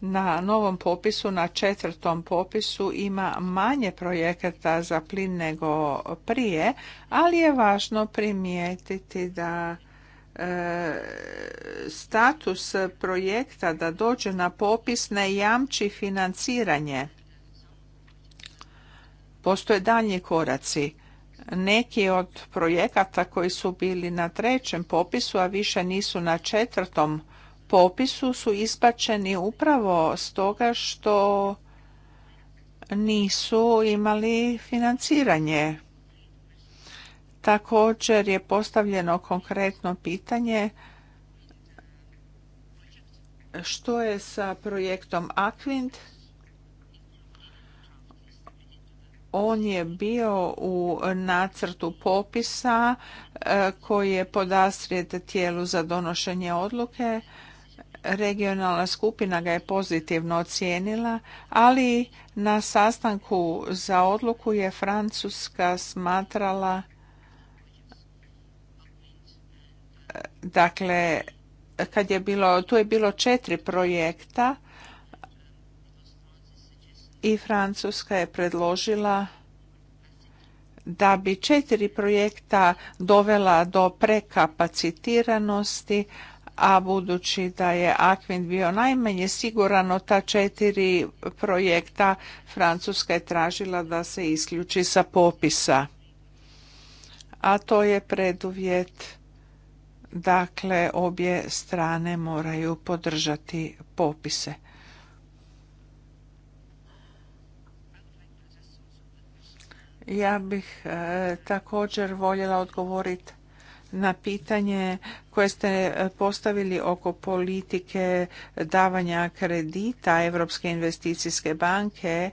na novom popisu, na četvrtom popisu ima manje projekata za plin nego prije, ali je važno primijetiti da e, status projekta da dođe na popis ne jamči financiranje. Postoje daljnji koraci neki od projekata koji su bili na trećem popisu, a više nisu na četvrtom popisu, su ispačeni upravo stoga što nisu imali financiranje. Također je postavljeno konkretno pitanje što je sa projektom Akvind on je bio u nacrtu popisa e, koji je podastrijet tijelu za donošenje odluke. Regionalna skupina ga je pozitivno ocijenila, ali na sastanku za odluku je Francuska smatrala dakle kad je bilo, tu je bilo četiri projekta i Francuska je predložila da bi četiri projekta dovela do prekapacitiranosti, a budući da je Akvin bio najmanje siguran ta četiri projekta, Francuska je tražila da se isključi sa popisa. A to je preduvjet, dakle obje strane moraju podržati popise. Ja bih e, također voljela odgovoriti na pitanje koje ste postavili oko politike davanja kredita Europske investicijske banke.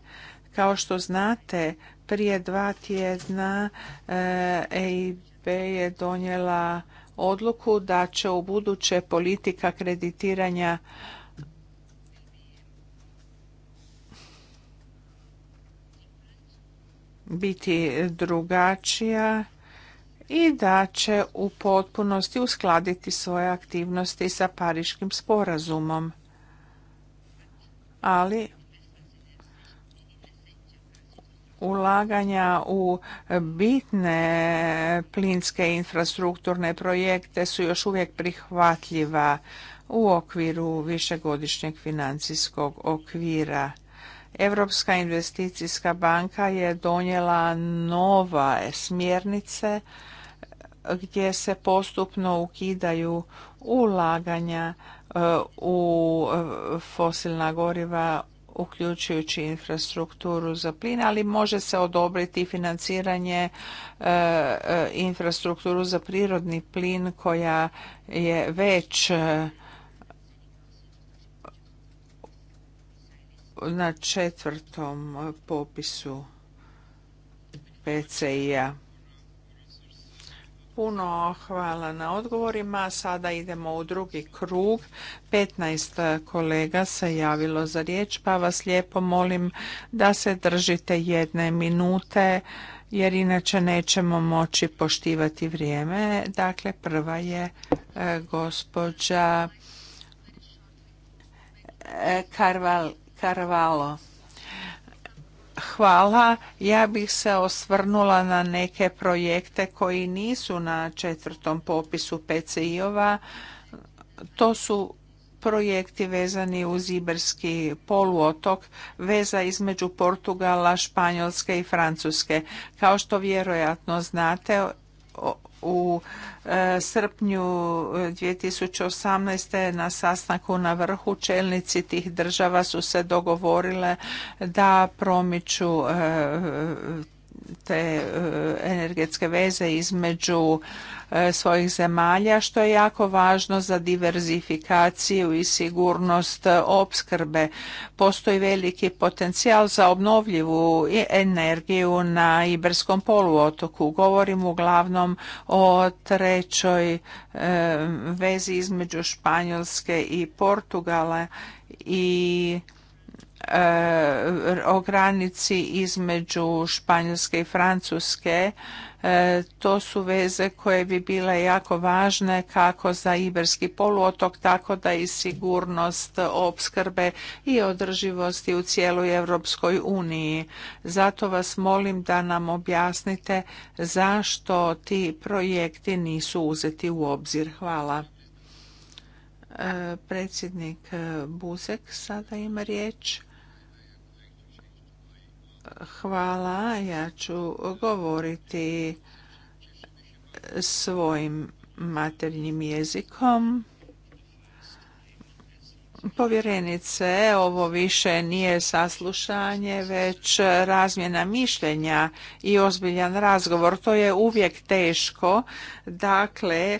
Kao što znate, prije dva tjedna EIB e je donijela odluku da će u buduće politika kreditiranja biti drugačija i da će u potpunosti uskladiti svoje aktivnosti sa Pariškim sporazumom. Ali ulaganja u bitne plinske infrastrukturne projekte su još uvijek prihvatljiva u okviru višegodišnjeg financijskog okvira. Europska investicijska banka je donijela nova smjernice gdje se postupno ukidaju ulaganja e, u fosilna goriva uključujući infrastrukturu za plin, ali može se odobriti financiranje e, e, infrastrukturu za prirodni plin koja je već na četvrtom popisu PCI-a. Puno hvala na odgovorima. Sada idemo u drugi krug. 15 kolega se javilo za riječ, pa vas lijepo molim da se držite jedne minute, jer inače nećemo moći poštivati vrijeme. Dakle, prva je e, gospođa e, Karval Carvalho. Hvala. Ja bih se osvrnula na neke projekte koji nisu na četvrtom popisu PCI-ova. To su projekti vezani uz Iberski poluotok, veza između Portugala, Španjolske i Francuske. Kao što vjerojatno znate, u e, srpnju 2018. E, na sastanku na vrhu čelnici tih država su se dogovorile da promiču e, te e, energetske veze između e, svojih zemalja što je jako važno za diverzifikaciju i sigurnost e, opskrbe. Postoji veliki potencijal za obnovljivu energiju na Iberskom poluotoku. Govorim uglavnom o trećoj vezi između Španjolske i Portugala i E, o granici između Španjolske i Francuske. E, to su veze koje bi bile jako važne kako za Iberski poluotok, tako da i sigurnost opskrbe i održivosti u cijeloj Europskoj uniji. Zato vas molim da nam objasnite zašto ti projekti nisu uzeti u obzir. Hvala. E, predsjednik Buzek sada ima riječ. Hvala, ja ću govoriti svojim maternjim jezikom. Povjerenice, ovo više nije saslušanje, već razmjena mišljenja i ozbiljan razgovor. To je uvijek teško. Dakle, e,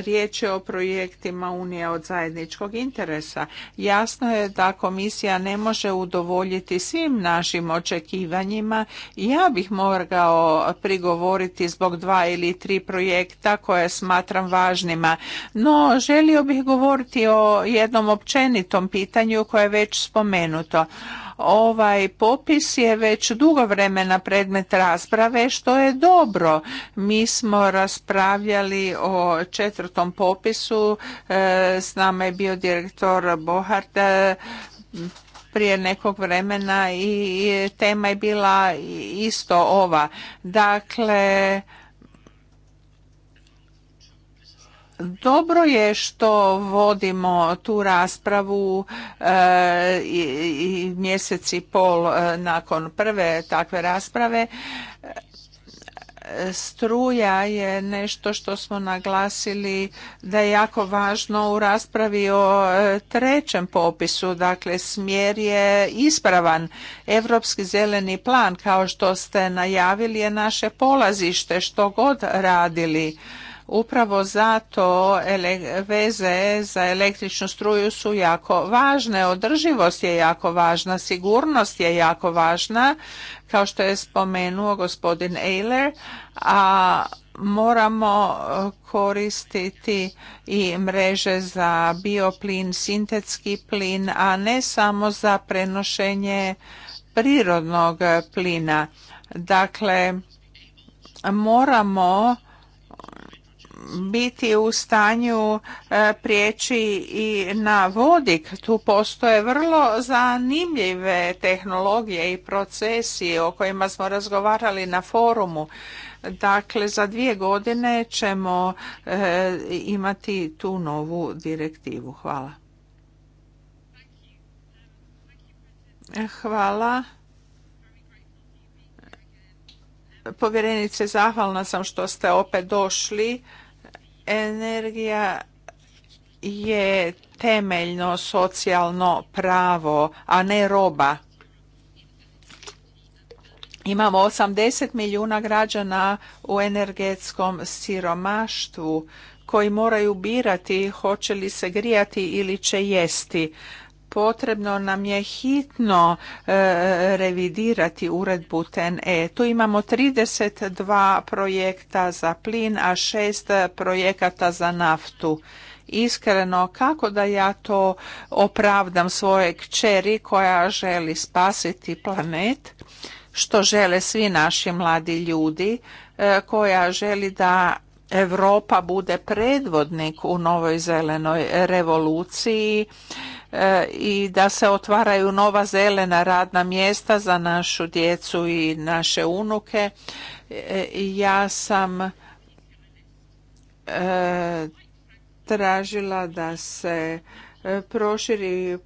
riječ je o projektima Unije od zajedničkog interesa. Jasno je da komisija ne može udovoljiti svim našim očekivanjima. Ja bih morao prigovoriti zbog dva ili tri projekta koje smatram važnima. No, želio bih govoriti o jednom općenitom pitanju koje je već spomenuto. Ovaj popis je već dugo vremena predmet rasprave što je dobro. Mi smo raspravljali o četvrtom popisu, e, s nama je bio direktor Bohart e, prije nekog vremena i tema je bila isto ova. Dakle, Dobro je što vodimo tu raspravu e, i mjesec i pol e, nakon prve takve rasprave. E, struja je nešto što smo naglasili da je jako važno u raspravi o trećem popisu. Dakle, smjer je ispravan. Europski zeleni plan, kao što ste najavili, je naše polazište što god radili Upravo zato veze za električnu struju su jako važne, održivost je jako važna, sigurnost je jako važna, kao što je spomenuo gospodin Eiler, a moramo eh, koristiti i mreže za bioplin, sintetski plin, a ne samo za prenošenje prirodnog plina. Dakle, moramo biti u stanju e, prijeći i na vodik. Tu postoje vrlo zanimljive tehnologije i procesi o kojima smo razgovarali na forumu. Dakle, za dvije godine ćemo e, imati tu novu direktivu. Hvala. Hvala. Povjerenice, zahvalna sam što ste opet došli. Energija je temeljno socijalno pravo, a ne roba. Imamo 80 milijuna građana u energetskom siromaštvu koji moraju birati hoće li se grijati ili će jesti potrebno nam je hitno e, revidirati uredbu TEN-E. Tu imamo 32 projekta za plin, a 6 projekata za naftu. Iskreno, kako da ja to opravdam svoje kćeri koja želi spasiti planet, što žele svi naši mladi ljudi, e, koja želi da Europa bude predvodnik u novoj zelenoj revoluciji E, i da se otvaraju nova zelena radna mjesta za našu djecu i naše unuke. E, ja sam e, tražila da se proširi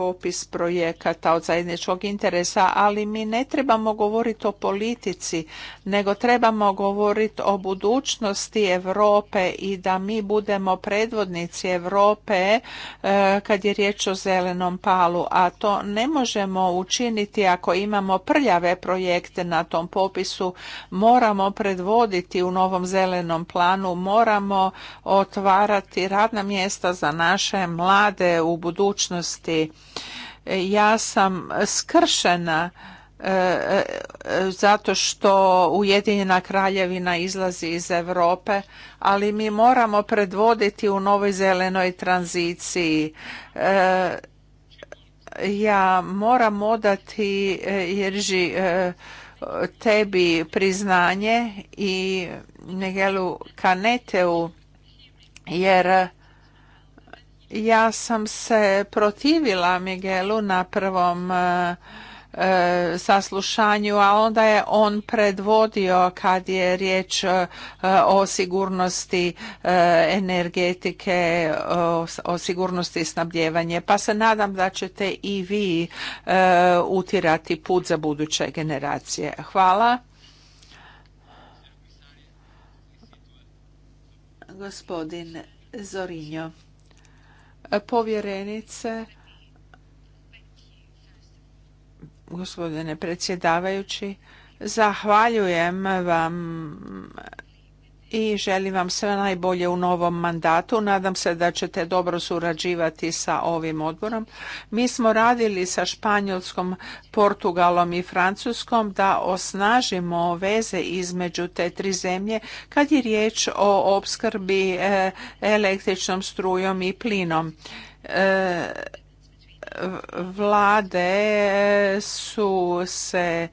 popis projekata od zajedničkog interesa, ali mi ne trebamo govoriti o politici, nego trebamo govoriti o budućnosti Europe i da mi budemo predvodnici Europe e, kad je riječ o zelenom palu, a to ne možemo učiniti ako imamo prljave projekte na tom popisu, moramo predvoditi u novom zelenom planu, moramo otvarati radna mjesta za naše mlade u budućnosti. Ja sam skršena e, e, zato što Ujedinjena kraljevina izlazi iz Europe, ali mi moramo predvoditi u novoj zelenoj tranziciji. E, ja moram odati Jerži tebi priznanje i negelu Kaneteu jer ja sam se protivila Miguelu na prvom e, e, saslušanju, a onda je on predvodio kad je riječ e, o sigurnosti energetike, o, o sigurnosti snabdjevanje. Pa se nadam da ćete i vi utirati put za buduće generacije. Hvala. Gospodin Zorinjo povjerenice, gospodine predsjedavajući, zahvaljujem vam i želim vam sve najbolje u novom mandatu. Nadam se da ćete dobro surađivati sa ovim odborom. Mi smo radili sa Španjolskom, Portugalom i Francuskom da osnažimo veze između te tri zemlje kad je riječ o opskrbi eh, električnom strujom i plinom eh, vlade su se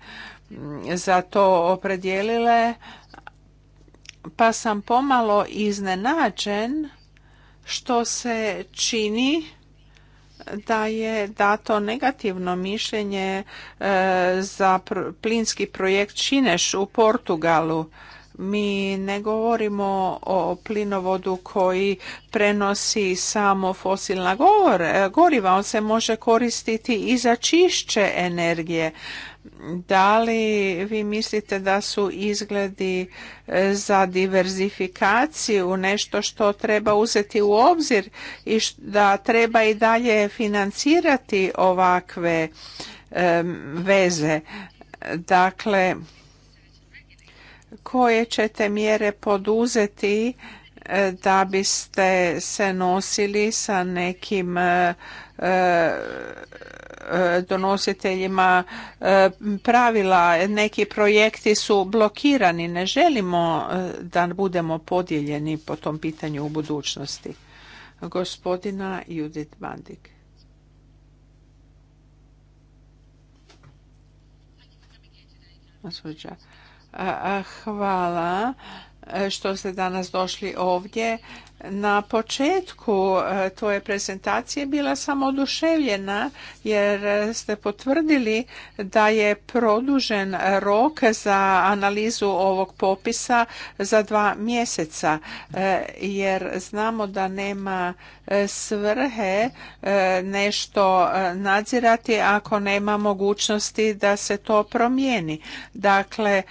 mm, za to opredijelile pa sam pomalo iznenađen što se čini da je dato negativno mišljenje e, za plinski projekt Čineš u Portugalu. Mi ne govorimo o plinovodu koji prenosi samo fosilna e, goriva, on se može koristiti i za čišće energije da li vi mislite da su izgledi e, za diverzifikaciju nešto što treba uzeti u obzir i da treba i dalje financirati ovakve veze? Dakle, koje ćete mjere poduzeti e, da biste se nosili sa nekim e, E, donositeljima e, pravila. Neki projekti su blokirani. Ne želimo e, da budemo podijeljeni po tom pitanju u budućnosti. Gospodina Judit Bandik. Hvala što ste danas došli ovdje. Na početku e, tvoje prezentacije bila sam oduševljena jer ste potvrdili da je produžen rok za analizu ovog popisa za dva mjeseca e, jer znamo da nema e, svrhe nešto nadzirati ako nema mogućnosti da se to promijeni. Dakle,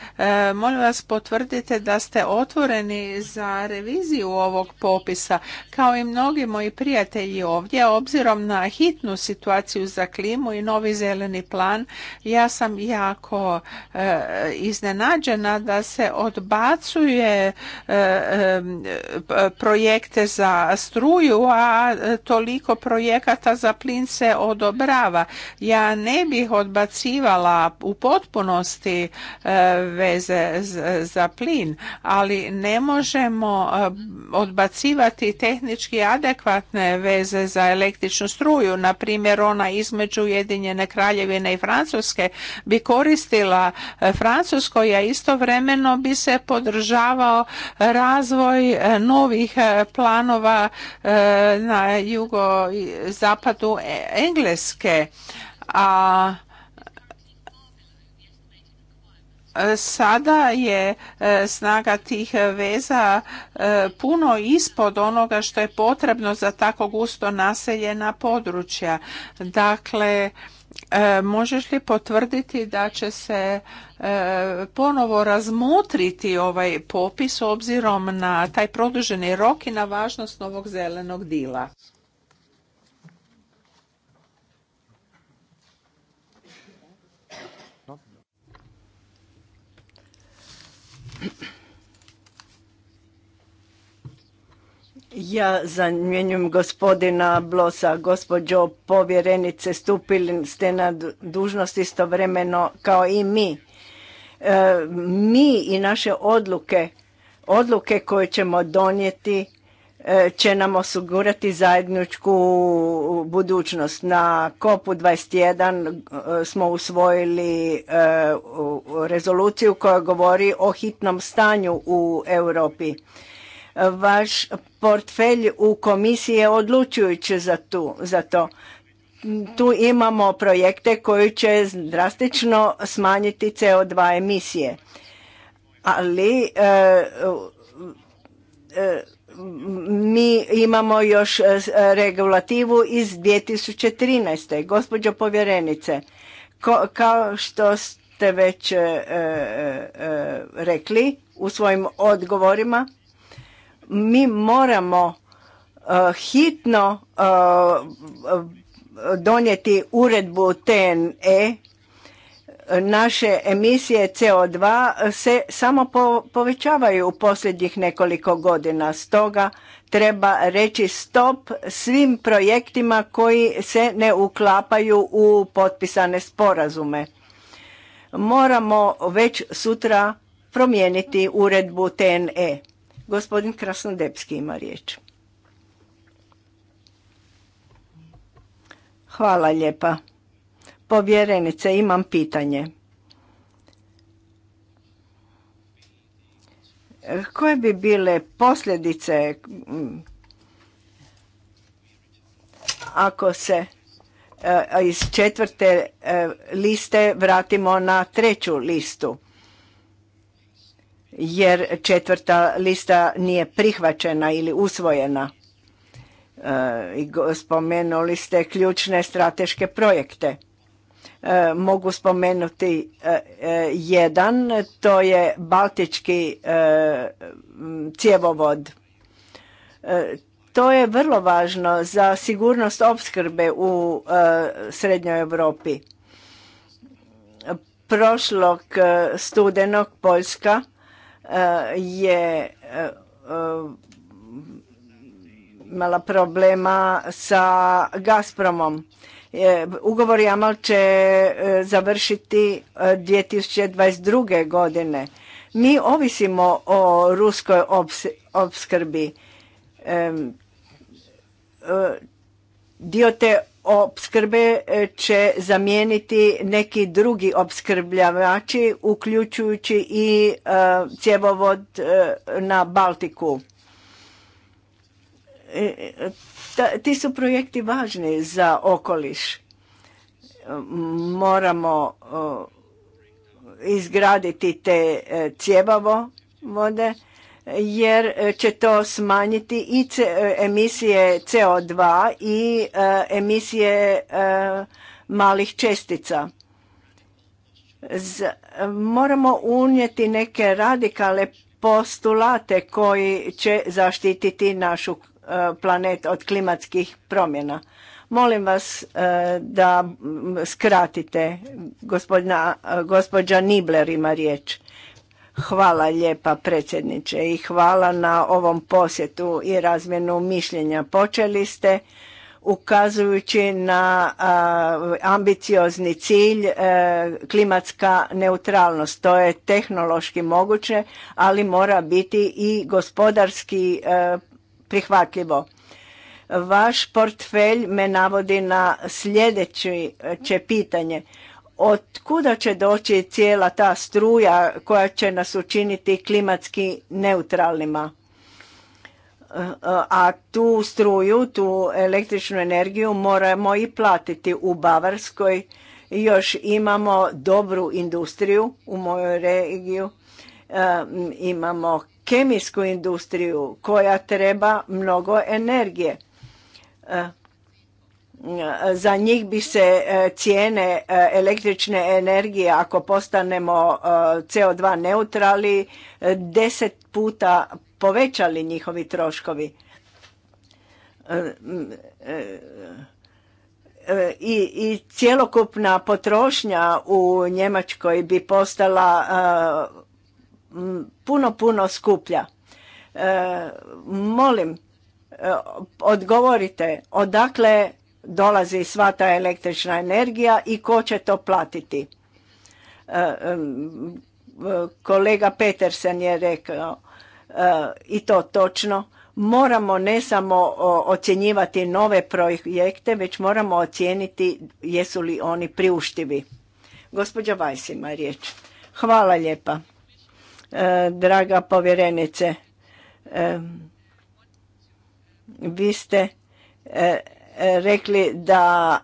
molim vas potvrdite da ste otvoreni za reviziju ovog popisa opisa Kao i mnogi moji prijatelji ovdje, obzirom na hitnu situaciju za klimu i novi zeleni plan, ja sam jako eh, iznenađena da se odbacuje eh, eh, projekte za struju, a toliko projekata za plin se odobrava. Ja ne bih odbacivala u potpunosti veze za plin, ali ne možemo odbacivati propisivati tehnički adekvatne veze za električnu struju, na primjer ona između Ujedinjene kraljevine i Francuske bi koristila e, Francuskoj, a istovremeno bi se podržavao razvoj e, novih e, planova na jugo zapadu Engleske. A sada je e, snaga tih veza e, puno ispod onoga što je potrebno za tako gusto naseljena područja. Dakle, e, možeš li potvrditi da će se ponovo razmotriti ovaj popis obzirom na taj produženi rok i na važnost novog zelenog dila? Ja zamjenjujem gospodina Blosa, gospođo povjerenice, stupili ste na dužnost istovremeno kao i mi. E, mi i naše odluke, odluke koje ćemo donijeti E, će nam osigurati zajedničku budućnost. Na kopu 21 e, smo usvojili e, rezoluciju koja govori o hitnom stanju u Europi. Vaš portfelj u komisiji je odlučujući za, tu, za to. Tu imamo projekte koji će drastično smanjiti CO2 emisije. Ali mi imamo još e, e, regulativu iz 2013. Gospođo povjerenice, kao što ste već e, rekli u svojim odgovorima, mi moramo hitno donijeti uredbu TNE naše emisije CO2 se samo povećavaju u posljednjih nekoliko godina. Stoga treba reći stop svim projektima koji se ne uklapaju u potpisane sporazume. Moramo već sutra promijeniti uredbu TNE. Gospodin Krasnodepski ima riječ. Hvala lijepa. Povjerenice, imam pitanje. Koje bi bile posljedice ako se e, iz četvrte e, liste vratimo na treću listu? jer četvrta lista nije prihvaćena ili usvojena. E, spomenuli ste ključne strateške projekte. E, mogu spomenuti e, e, jedan, to je Baltički cjevovod. To je vrlo važno za sigurnost opskrbe u Srednjoj Europi. Prošlog studenog Poljska je imala problema sa Gazpromom Ugovor Jamal će e, završiti 2022. E, godine. Mi ovisimo o ruskoj opskrbi. E, dio te opskrbe će zamijeniti neki drugi opskrbljivači uključujući i cjevovod na Baltiku ti su projekti važni za okoliš. Moramo izgraditi te e, cjebavo vode jer će to smanjiti i e, emisije CO2 i e, emisije malih čestica. Moramo unijeti neke radikale postulate koji će zaštititi našu E, planet od klimatskih promjena. Molim vas e, da skratite, Gospodina, e, gospođa Nibler ima riječ. Hvala lijepa predsjedniče i hvala na ovom posjetu i razmjenu mišljenja. Počeli ste ukazujući na ambiciozni cilj klimatska neutralnost. To je tehnološki moguće, ali mora biti i gospodarski prihvatljivo. Vaš portfelj me navodi na sljedeće pitanje. Od kuda će doći cijela ta struja koja će nas učiniti klimatski neutralnima? A tu struju, tu električnu energiju moramo i platiti u Bavarskoj. Još imamo dobru industriju u mojoj regiji. Imamo kemijsku industriju koja treba mnogo energije. E, za njih bi se e, cijene e, električne energije, ako postanemo CO2 neutrali, deset puta povećali njihovi troškovi. I, i cjelokupna potrošnja u Njemačkoj bi postala puno, puno skuplja. E, molim, e, odgovorite odakle dolazi sva ta električna energija i ko će to platiti. E, kolega Petersen je rekao i to točno. Moramo ne samo ocjenjivati nove projekte, već moramo ocijeniti jesu li oni priuštivi. Gospođa Vajs ima riječ. Hvala lijepa. Eh, draga povjerenice. Eh, vi ste eh, rekli da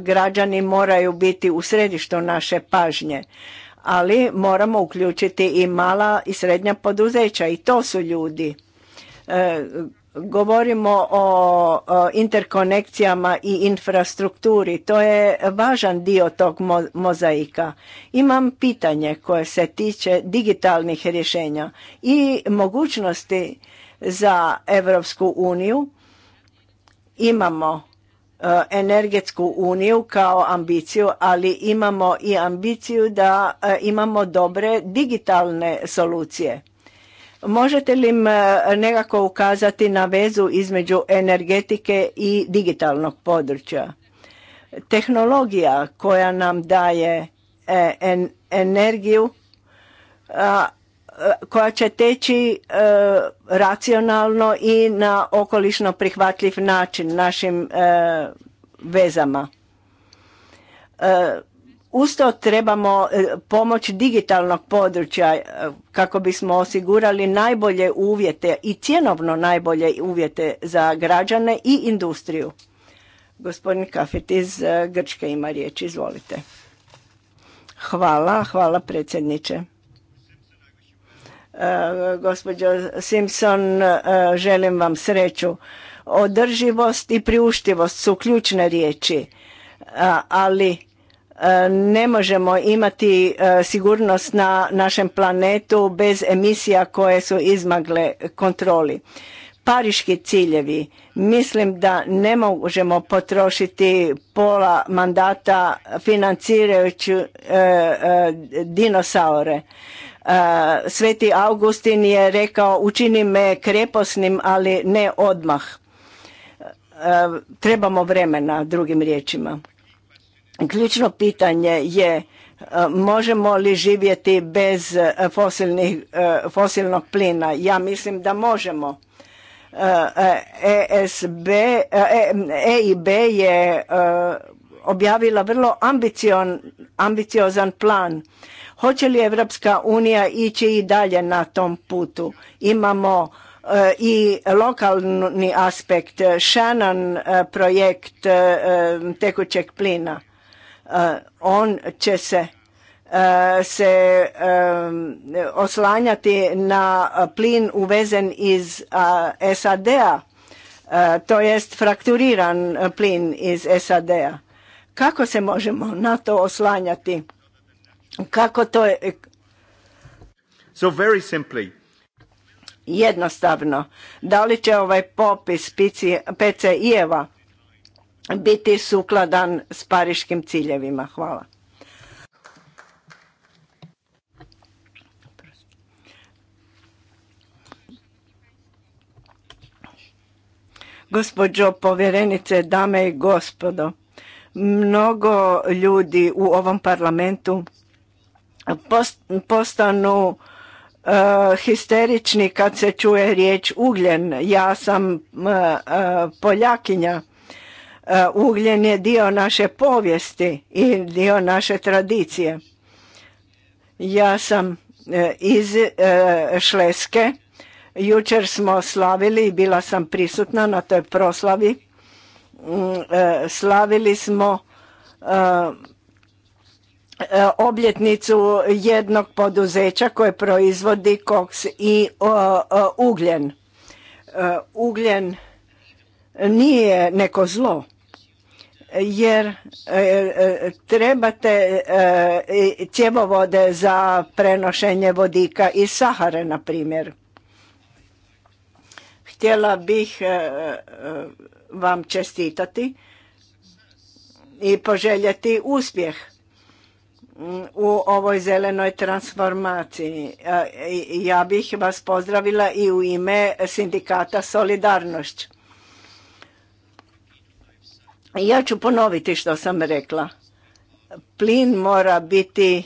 građani moraju biti u središtu naše pažnje, ali moramo uključiti i mala i srednja poduzeća i to su ljudi govorimo o interkonekcijama i infrastrukturi. To je važan dio tog mozaika. Imam pitanje koje se tiče digitalnih rješenja i mogućnosti za Europsku uniju. Imamo e, energetsku uniju kao ambiciju, ali imamo i ambiciju da e, imamo dobre digitalne solucije Možete li e, nekako ukazati na vezu između energetike i digitalnog područja? Tehnologija koja nam daje e, energiju e, koja će teći racionalno i na okolišno prihvatljiv način našim vezama. Usto trebamo e, pomoć digitalnog područja e, kako bismo osigurali najbolje uvjete i cjenovno najbolje uvjete za građane i industriju. Gospodin Kafet iz e, Grčke ima riječ, izvolite. Hvala, hvala predsjedniče. gospođo Simpson, želim vam sreću. Održivost i priuštivost su ključne riječi, ali E, ne možemo imati e, sigurnost na našem planetu bez emisija koje su izmagle kontroli. Pariški ciljevi. Mislim da ne možemo potrošiti pola mandata financirajući e, dinosaure. Sveti Augustin je rekao učini me kreposnim, ali ne odmah. Trebamo vremena, drugim riječima. Ključno pitanje je e, možemo li živjeti bez e, e, fosilnog plina? Ja mislim da možemo. ESB, EIB je objavila vrlo ambiciozan plan. Hoće li Evropska unija ići i dalje na tom putu? Imamo i lokalni aspekt, Shannon projekt tekućeg plina. Eh, on će se eh, se eh, oslanjati na plin uvezen iz SAD-a, to jest frakturiran plin iz SAD-a. Kako se možemo na to oslanjati? Kako to je? So very simply. Jednostavno. Da li će ovaj popis PCI-eva biti sukladan s pariškim ciljevima. Hvala. Gospođo povjerenice, dame i gospodo, mnogo ljudi u ovom parlamentu postanu e, histerični kad se čuje riječ ugljen. Ja sam e, e, Poljakinja E, ugljen je dio naše povijesti i dio naše tradicije. Ja sam e, iz e, Šleske. Jučer smo slavili i bila sam prisutna na toj proslavi. Mm, slavili smo obljetnicu jednog poduzeća koje proizvodi koks i ugljen. Ugljen nije neko zlo jer e, e, trebate e, cjevovode za prenošenje vodika iz Sahare, na primjer. Htjela bih vam čestitati i poželjeti uspjeh mm, u ovoj zelenoj transformaciji. Ja bih vas pozdravila i u ime sindikata Solidarnošć ja ću ponoviti što sam rekla. Plin mora biti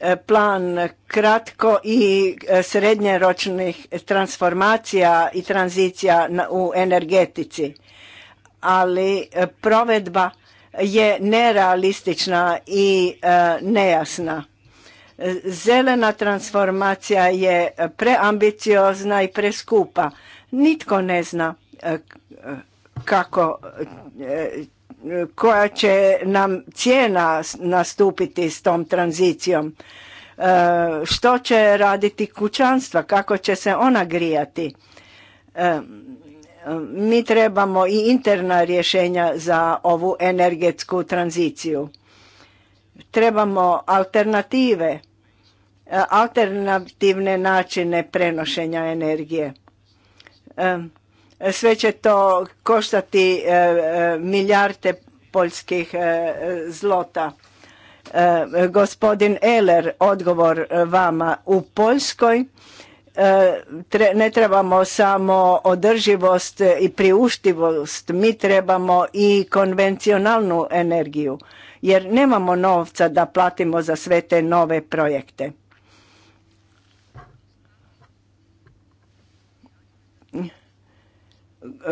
e, plan kratko i e, srednjeročnih transformacija i tranzicija u energetici, ali e, provedba je nerealistična i nejasna. Zelena transformacija je preambiciozna i preskupa. Nitko ne zna kako e, koja će nam cijena nastupiti s tom tranzicijom e, što će raditi kućanstva kako će se ona grijati e, mi trebamo i interna rješenja za ovu energetsku tranziciju trebamo alternative alternativne načine prenošenja energije sve će to koštati e, e, milijarde poljskih e, zlota. Gospodin Eler, odgovor vama. U Poljskoj ne trebamo samo održivost i priuštivost, mi trebamo i konvencionalnu energiju jer nemamo novca da platimo za sve te nove projekte.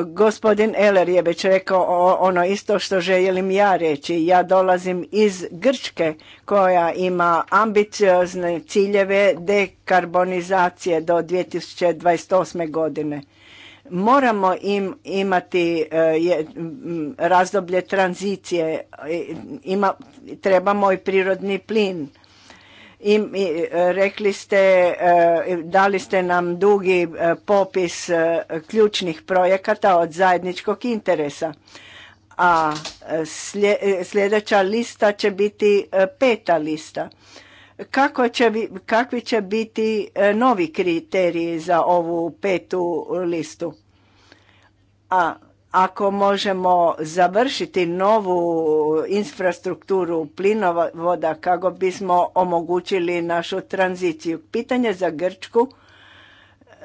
Gospodin Eler je već rekao ono isto što želim ja reći. Ja dolazim iz Grčke koja ima ambiciozne ciljeve dekarbonizacije do 2028. godine. Moramo im imati e, razdoblje tranzicije, trebamo i prirodni plin i, e, rekli ste, e, dali ste nam dugi e, popis ključnih projekata od zajedničkog interesa. A sljedeća lista će biti peta lista. Kako će, kakvi će biti novi kriteriji za ovu petu listu? A ako možemo završiti novu infrastrukturu plinovoda kako bismo omogućili našu tranziciju. Pitanje za Grčku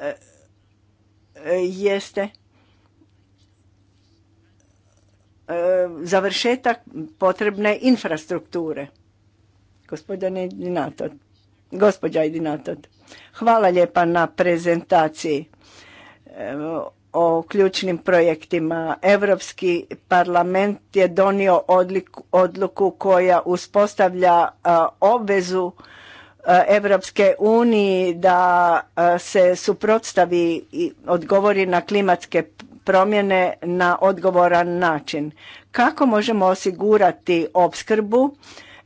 e, jeste e, završetak potrebne infrastrukture. Gospodine Dinatot, gospođa Dinatot, hvala lijepa na prezentaciji o ključnim projektima. Europski parlament je donio odluku koja uspostavlja e, obvezu e, Evropske unije da e, se suprotstavi i odgovori na klimatske promjene na odgovoran način. Kako možemo osigurati opskrbu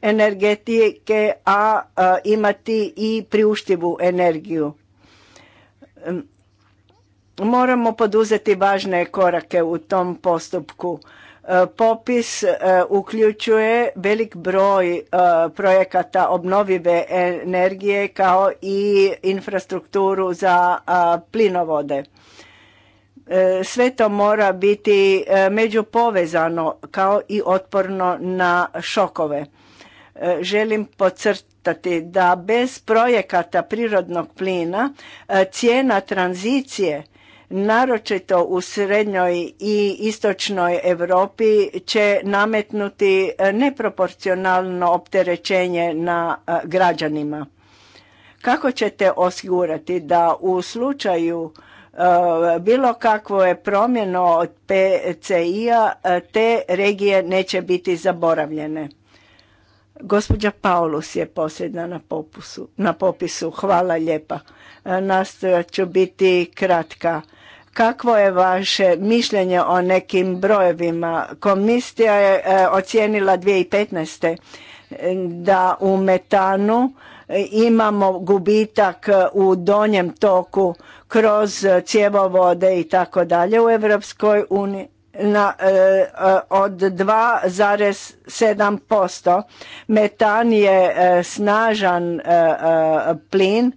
energetike, a imati i priuštivu energiju? Moramo poduzeti važne korake u tom postupku. E, popis e, uključuje velik broj e, projekata obnovive energije kao i infrastrukturu za plinovode. Sve to mora biti međupovezano kao i otporno na šokove. Želim podcrtati da bez projekata prirodnog plina cijena tranzicije naročito u srednjoj i istočnoj Europi će nametnuti e, neproporcionalno opterećenje na e, građanima. Kako ćete osigurati da u slučaju e, bilo kakvo je promjeno od PCI-a te regije neće biti zaboravljene. Gospođa Paulus je posljedna na, popusu, na popisu. Hvala lijepa. Nastojat ću biti kratka. Kakvo je vaše mišljenje o nekim brojevima? Komisija je e, ocijenila 2015. E, da u metanu e, imamo gubitak e, u donjem toku kroz cjevovode i tako dalje u Europskoj uniji na, od 2,7%. Metan je snažan plin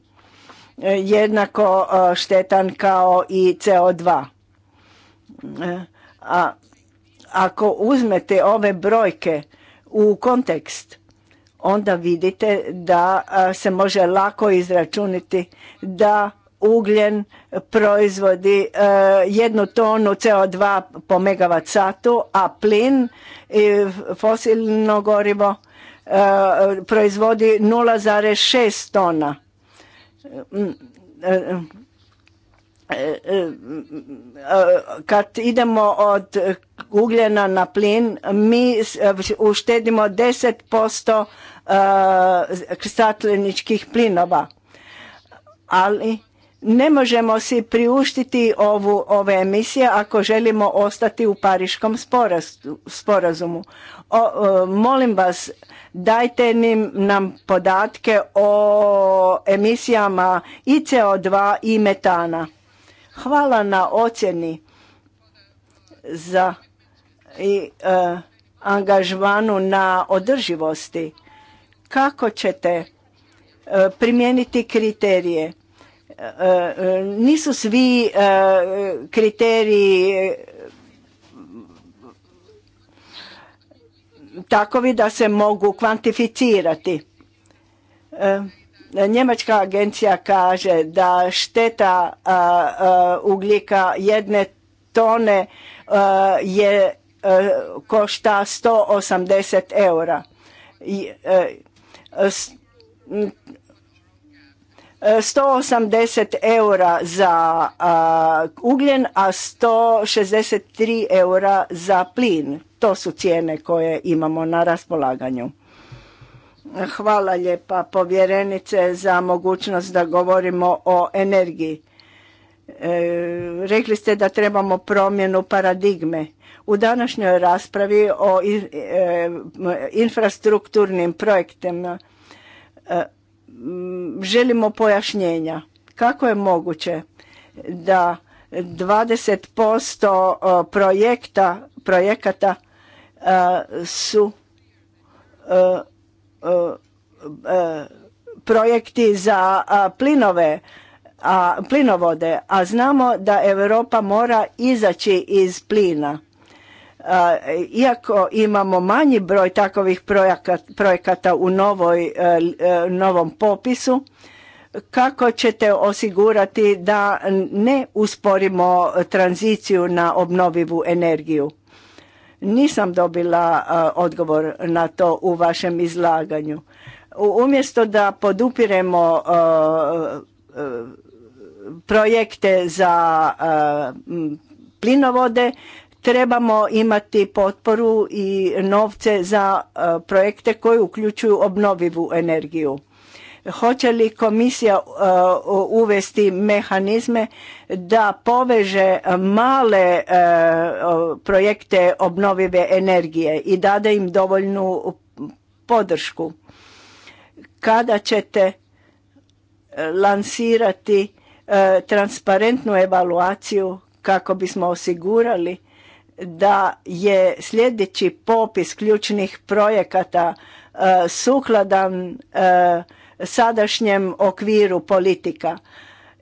E, jednako e, štetan kao i CO2. E, a ako uzmete ove brojke u kontekst, onda vidite da se može lako izračuniti da ugljen proizvodi jednu tonu CO2 po megavat a plin i fosilno gorivo proizvodi 0,6 tona kad idemo od ugljena na plin, mi uštedimo 10% eh, stakleničkih plinova. Ali ne možemo si priuštiti ovu, ove emisije ako želimo ostati u Pariškom sporazumu. Eh, molim vas, Dajte nam podatke o emisijama i CO2 i metana. Hvala na ocjeni za i e, angažmanu na održivosti. Kako ćete e, primijeniti kriterije? E, e, nisu svi kriteriji takovi da se mogu kvantificirati. E, njemačka agencija kaže da šteta ugljika jedne tone je e, košta 180 eura. 180 e, eura za ugljen, a 163 eura za plin. To su cijene koje imamo na raspolaganju. Hvala lijepa povjerenice za mogućnost da govorimo o energiji. E, rekli ste da trebamo promjenu paradigme. U današnjoj raspravi o e, infrastrukturnim projektima e, želimo pojašnjenja. Kako je moguće da 20% projekta, projekata su e, e, e, projekti za plinove a plinovode a znamo da Europa mora izaći iz plina iako imamo manji broj takovih projekata u novoj, novom popisu kako ćete osigurati da ne usporimo tranziciju na obnovivu energiju nisam dobila odgovor na to u vašem izlaganju. Umjesto da podupiremo projekte za plinovode, trebamo imati potporu i novce za projekte koji uključuju obnovivu energiju. Hoće li komisija uh, uvesti mehanizme da poveže male uh, projekte obnovive energije i dade im dovoljnu podršku? Kada ćete uh, lansirati transparentnu evaluaciju kako bismo osigurali da je sljedeći popis ključnih projekata sukladan sadašnjem okviru politika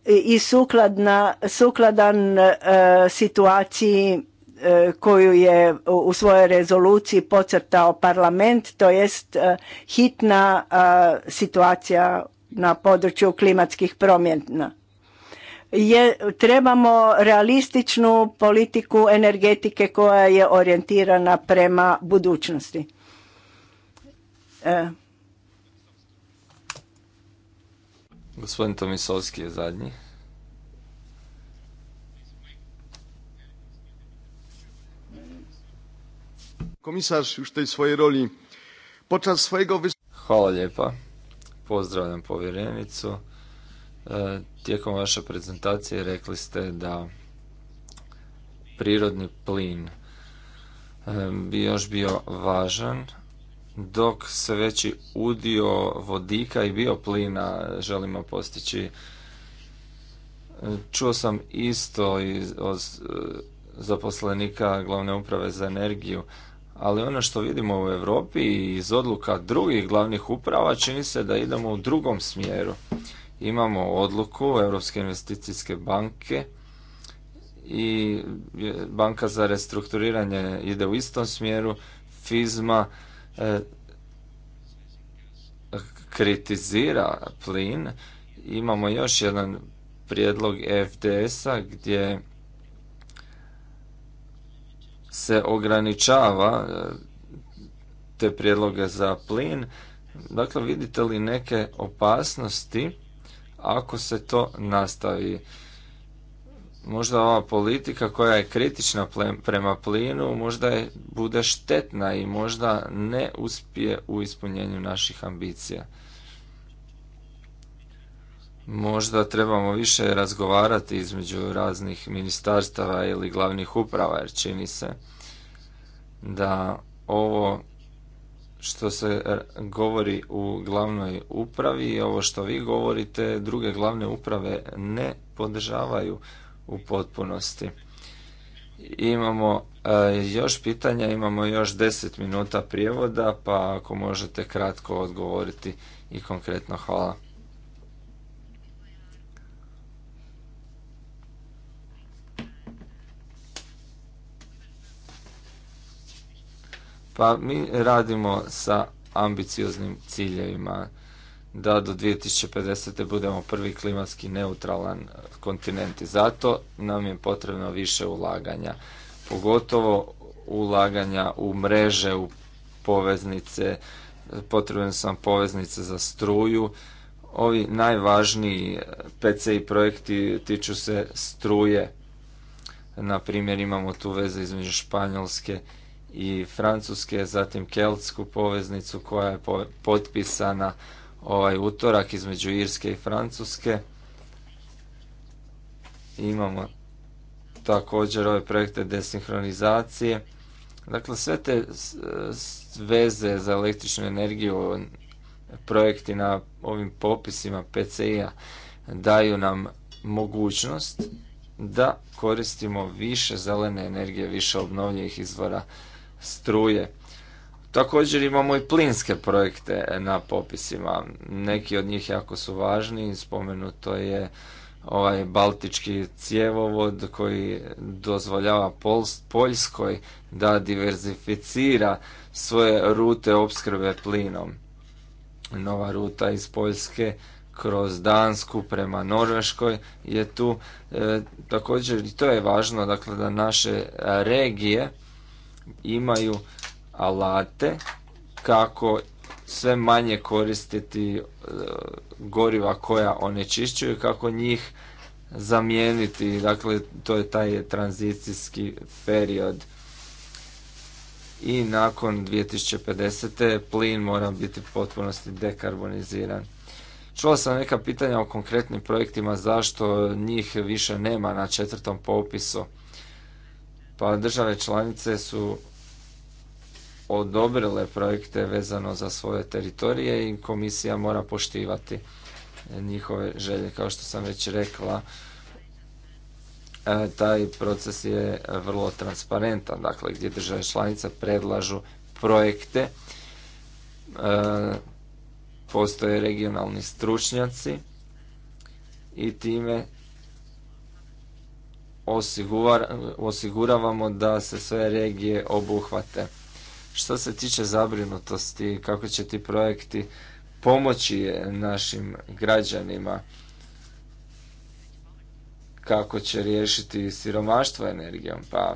i sukladna, sukladan e, situaciji e, koju je u svojoj rezoluciji pocrtao parlament, to jest e, hitna situacija na području klimatskih promjena. Je, trebamo realističnu politiku energetike koja je orijentirana prema budućnosti. E, Gospodin Tomisovski je zadnji. komisar już tej svoje roli podczas swojego Hvala lijepa. Pozdravljam povjerenicu. E, tijekom vaše prezentacije rekli ste da prirodni plin e, bi još bio važan dok se veći udio vodika i bioplina želimo postići. E, čuo sam isto i od e, zaposlenika glavne uprave za energiju, ali ono što vidimo u Europi iz odluka drugih glavnih uprava čini se da idemo u drugom smjeru. Imamo odluku Europske investicijske banke i banka za restrukturiranje ide u istom smjeru, FIZMA E, kritizira plin. Imamo još jedan prijedlog FDS-a gdje se ograničava e, te prijedloge za plin. Dakle, vidite li neke opasnosti ako se to nastavi? možda ova politika koja je kritična prema plinu možda je, bude štetna i možda ne uspije u ispunjenju naših ambicija. Možda trebamo više razgovarati između raznih ministarstava ili glavnih uprava, jer čini se da ovo što se govori u glavnoj upravi i ovo što vi govorite, druge glavne uprave ne podržavaju u potpunosti. Imamo e, još pitanja, imamo još 10 minuta prijevoda, pa ako možete kratko odgovoriti i konkretno hvala. Pa mi radimo sa ambicioznim ciljevima da do 2050. budemo prvi klimatski neutralan kontinent i zato nam je potrebno više ulaganja. Pogotovo ulaganja u mreže, u poveznice, potrebne sam poveznice za struju. Ovi najvažniji PCI projekti tiču se struje. Na primjer imamo tu veze između Španjolske i Francuske, zatim Keltsku poveznicu koja je potpisana ovaj utorak između Irske i Francuske. Imamo također ove projekte desinhronizacije. Dakle, sve te veze za električnu energiju, projekti na ovim popisima PCI-a daju nam mogućnost da koristimo više zelene energije, više obnovljivih izvora struje. Također imamo i plinske projekte na popisima. Neki od njih jako su važni. Spomenuto je ovaj baltički cjevovod koji dozvoljava Poljskoj da diverzificira svoje rute opskrbe plinom. Nova ruta iz Poljske kroz Dansku prema Norveškoj je tu. E, također i to je važno dakle da naše regije imaju alate kako sve manje koristiti e, goriva koja onečišćuju kako njih zamijeniti. Dakle, to je taj tranzicijski period. I nakon 2050. plin mora biti u potpunosti dekarboniziran. Čuo sam neka pitanja o konkretnim projektima zašto njih više nema na četvrtom popisu. Pa države članice su odobrile projekte vezano za svoje teritorije i komisija mora poštivati njihove želje. Kao što sam već rekla, e, taj proces je vrlo transparentan, dakle gdje države članice predlažu projekte, e, postoje regionalni stručnjaci i time osiguravamo da se sve regije obuhvate. Što se tiče zabrinutosti, kako će ti projekti pomoći našim građanima, kako će riješiti siromaštvo energijom, pa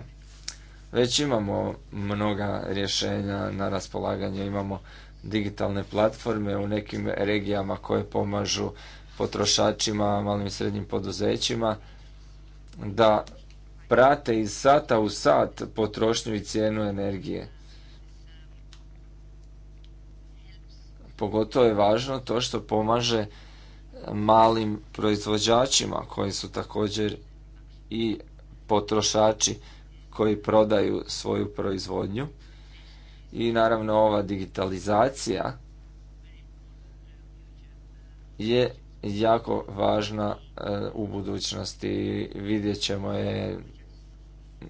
već imamo mnoga rješenja na raspolaganju, imamo digitalne platforme u nekim regijama koje pomažu potrošačima, malim i srednjim poduzećima da prate iz sata u sat potrošnju i cijenu energije. Pogotovo je važno to što pomaže malim proizvođačima koji su također i potrošači koji prodaju svoju proizvodnju. I naravno ova digitalizacija je jako važna e, u budućnosti. Vidjet ćemo je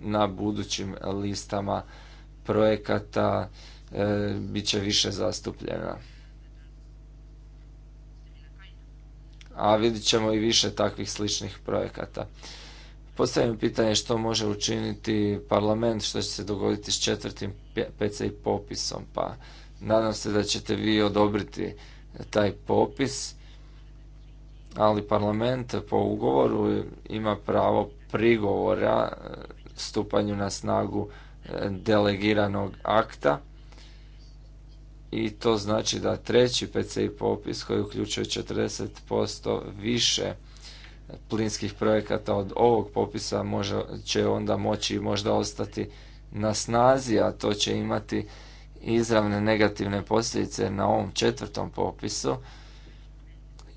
na budućim listama projekata, e, bit će više zastupljena. a vidit ćemo i više takvih sličnih projekata. Postavljam pitanje što može učiniti parlament, što će se dogoditi s četvrtim PCI popisom, pa nadam se da ćete vi odobriti taj popis, ali parlament po ugovoru ima pravo prigovora stupanju na snagu eh, delegiranog akta i to znači da treći PCI popis koji uključuje 40% više plinskih projekata od ovog popisa može, će onda moći možda ostati na snazi, a to će imati izravne negativne posljedice na ovom četvrtom popisu.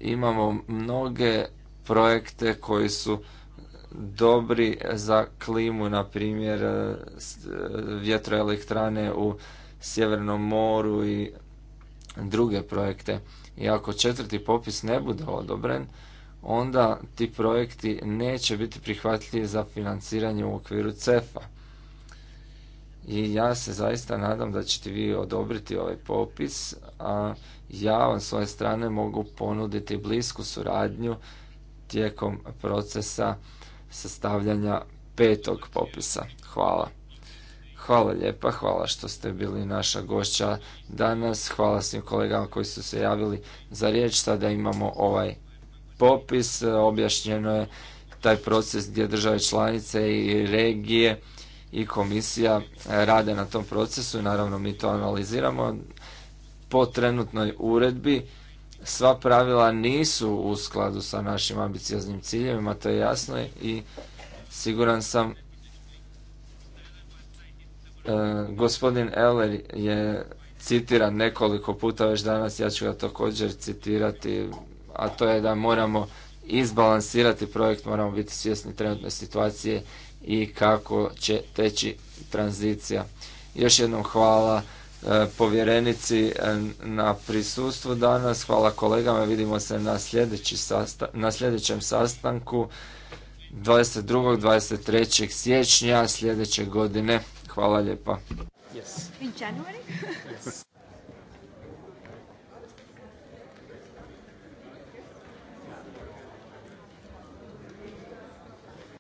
Imamo mnoge projekte koji su dobri za klimu, na primjer e, e, vjetroelektrane u Sjevernom moru i druge projekte. I ako četvrti popis ne bude odobren, onda ti projekti neće biti prihvatljivi za financiranje u okviru CEFA. I ja se zaista nadam da ćete vi odobriti ovaj popis, a ja vam svoje strane mogu ponuditi blisku suradnju tijekom procesa sastavljanja petog popisa. Hvala. Hvala lijepa, hvala što ste bili naša gošća danas, hvala svim kolegama koji su se javili za riječ, sada imamo ovaj popis, e, objašnjeno je taj proces gdje države članice i regije i komisija rade na tom procesu, i naravno mi to analiziramo. Po trenutnoj uredbi sva pravila nisu u skladu sa našim ambicioznim ciljevima, to je jasno i siguran sam E, gospodin Eller je citiran nekoliko puta već danas, ja ću ga također citirati, a to je da moramo izbalansirati projekt, moramo biti svjesni trenutne situacije i kako će teći tranzicija. Još jednom hvala e, povjerenici e, na prisustvu danas, hvala kolegama, vidimo se na, sljedeći sasta na sljedećem sastanku 22. 23. siječnja sljedeće godine. Hvala lijepa. Yes. In January? yes.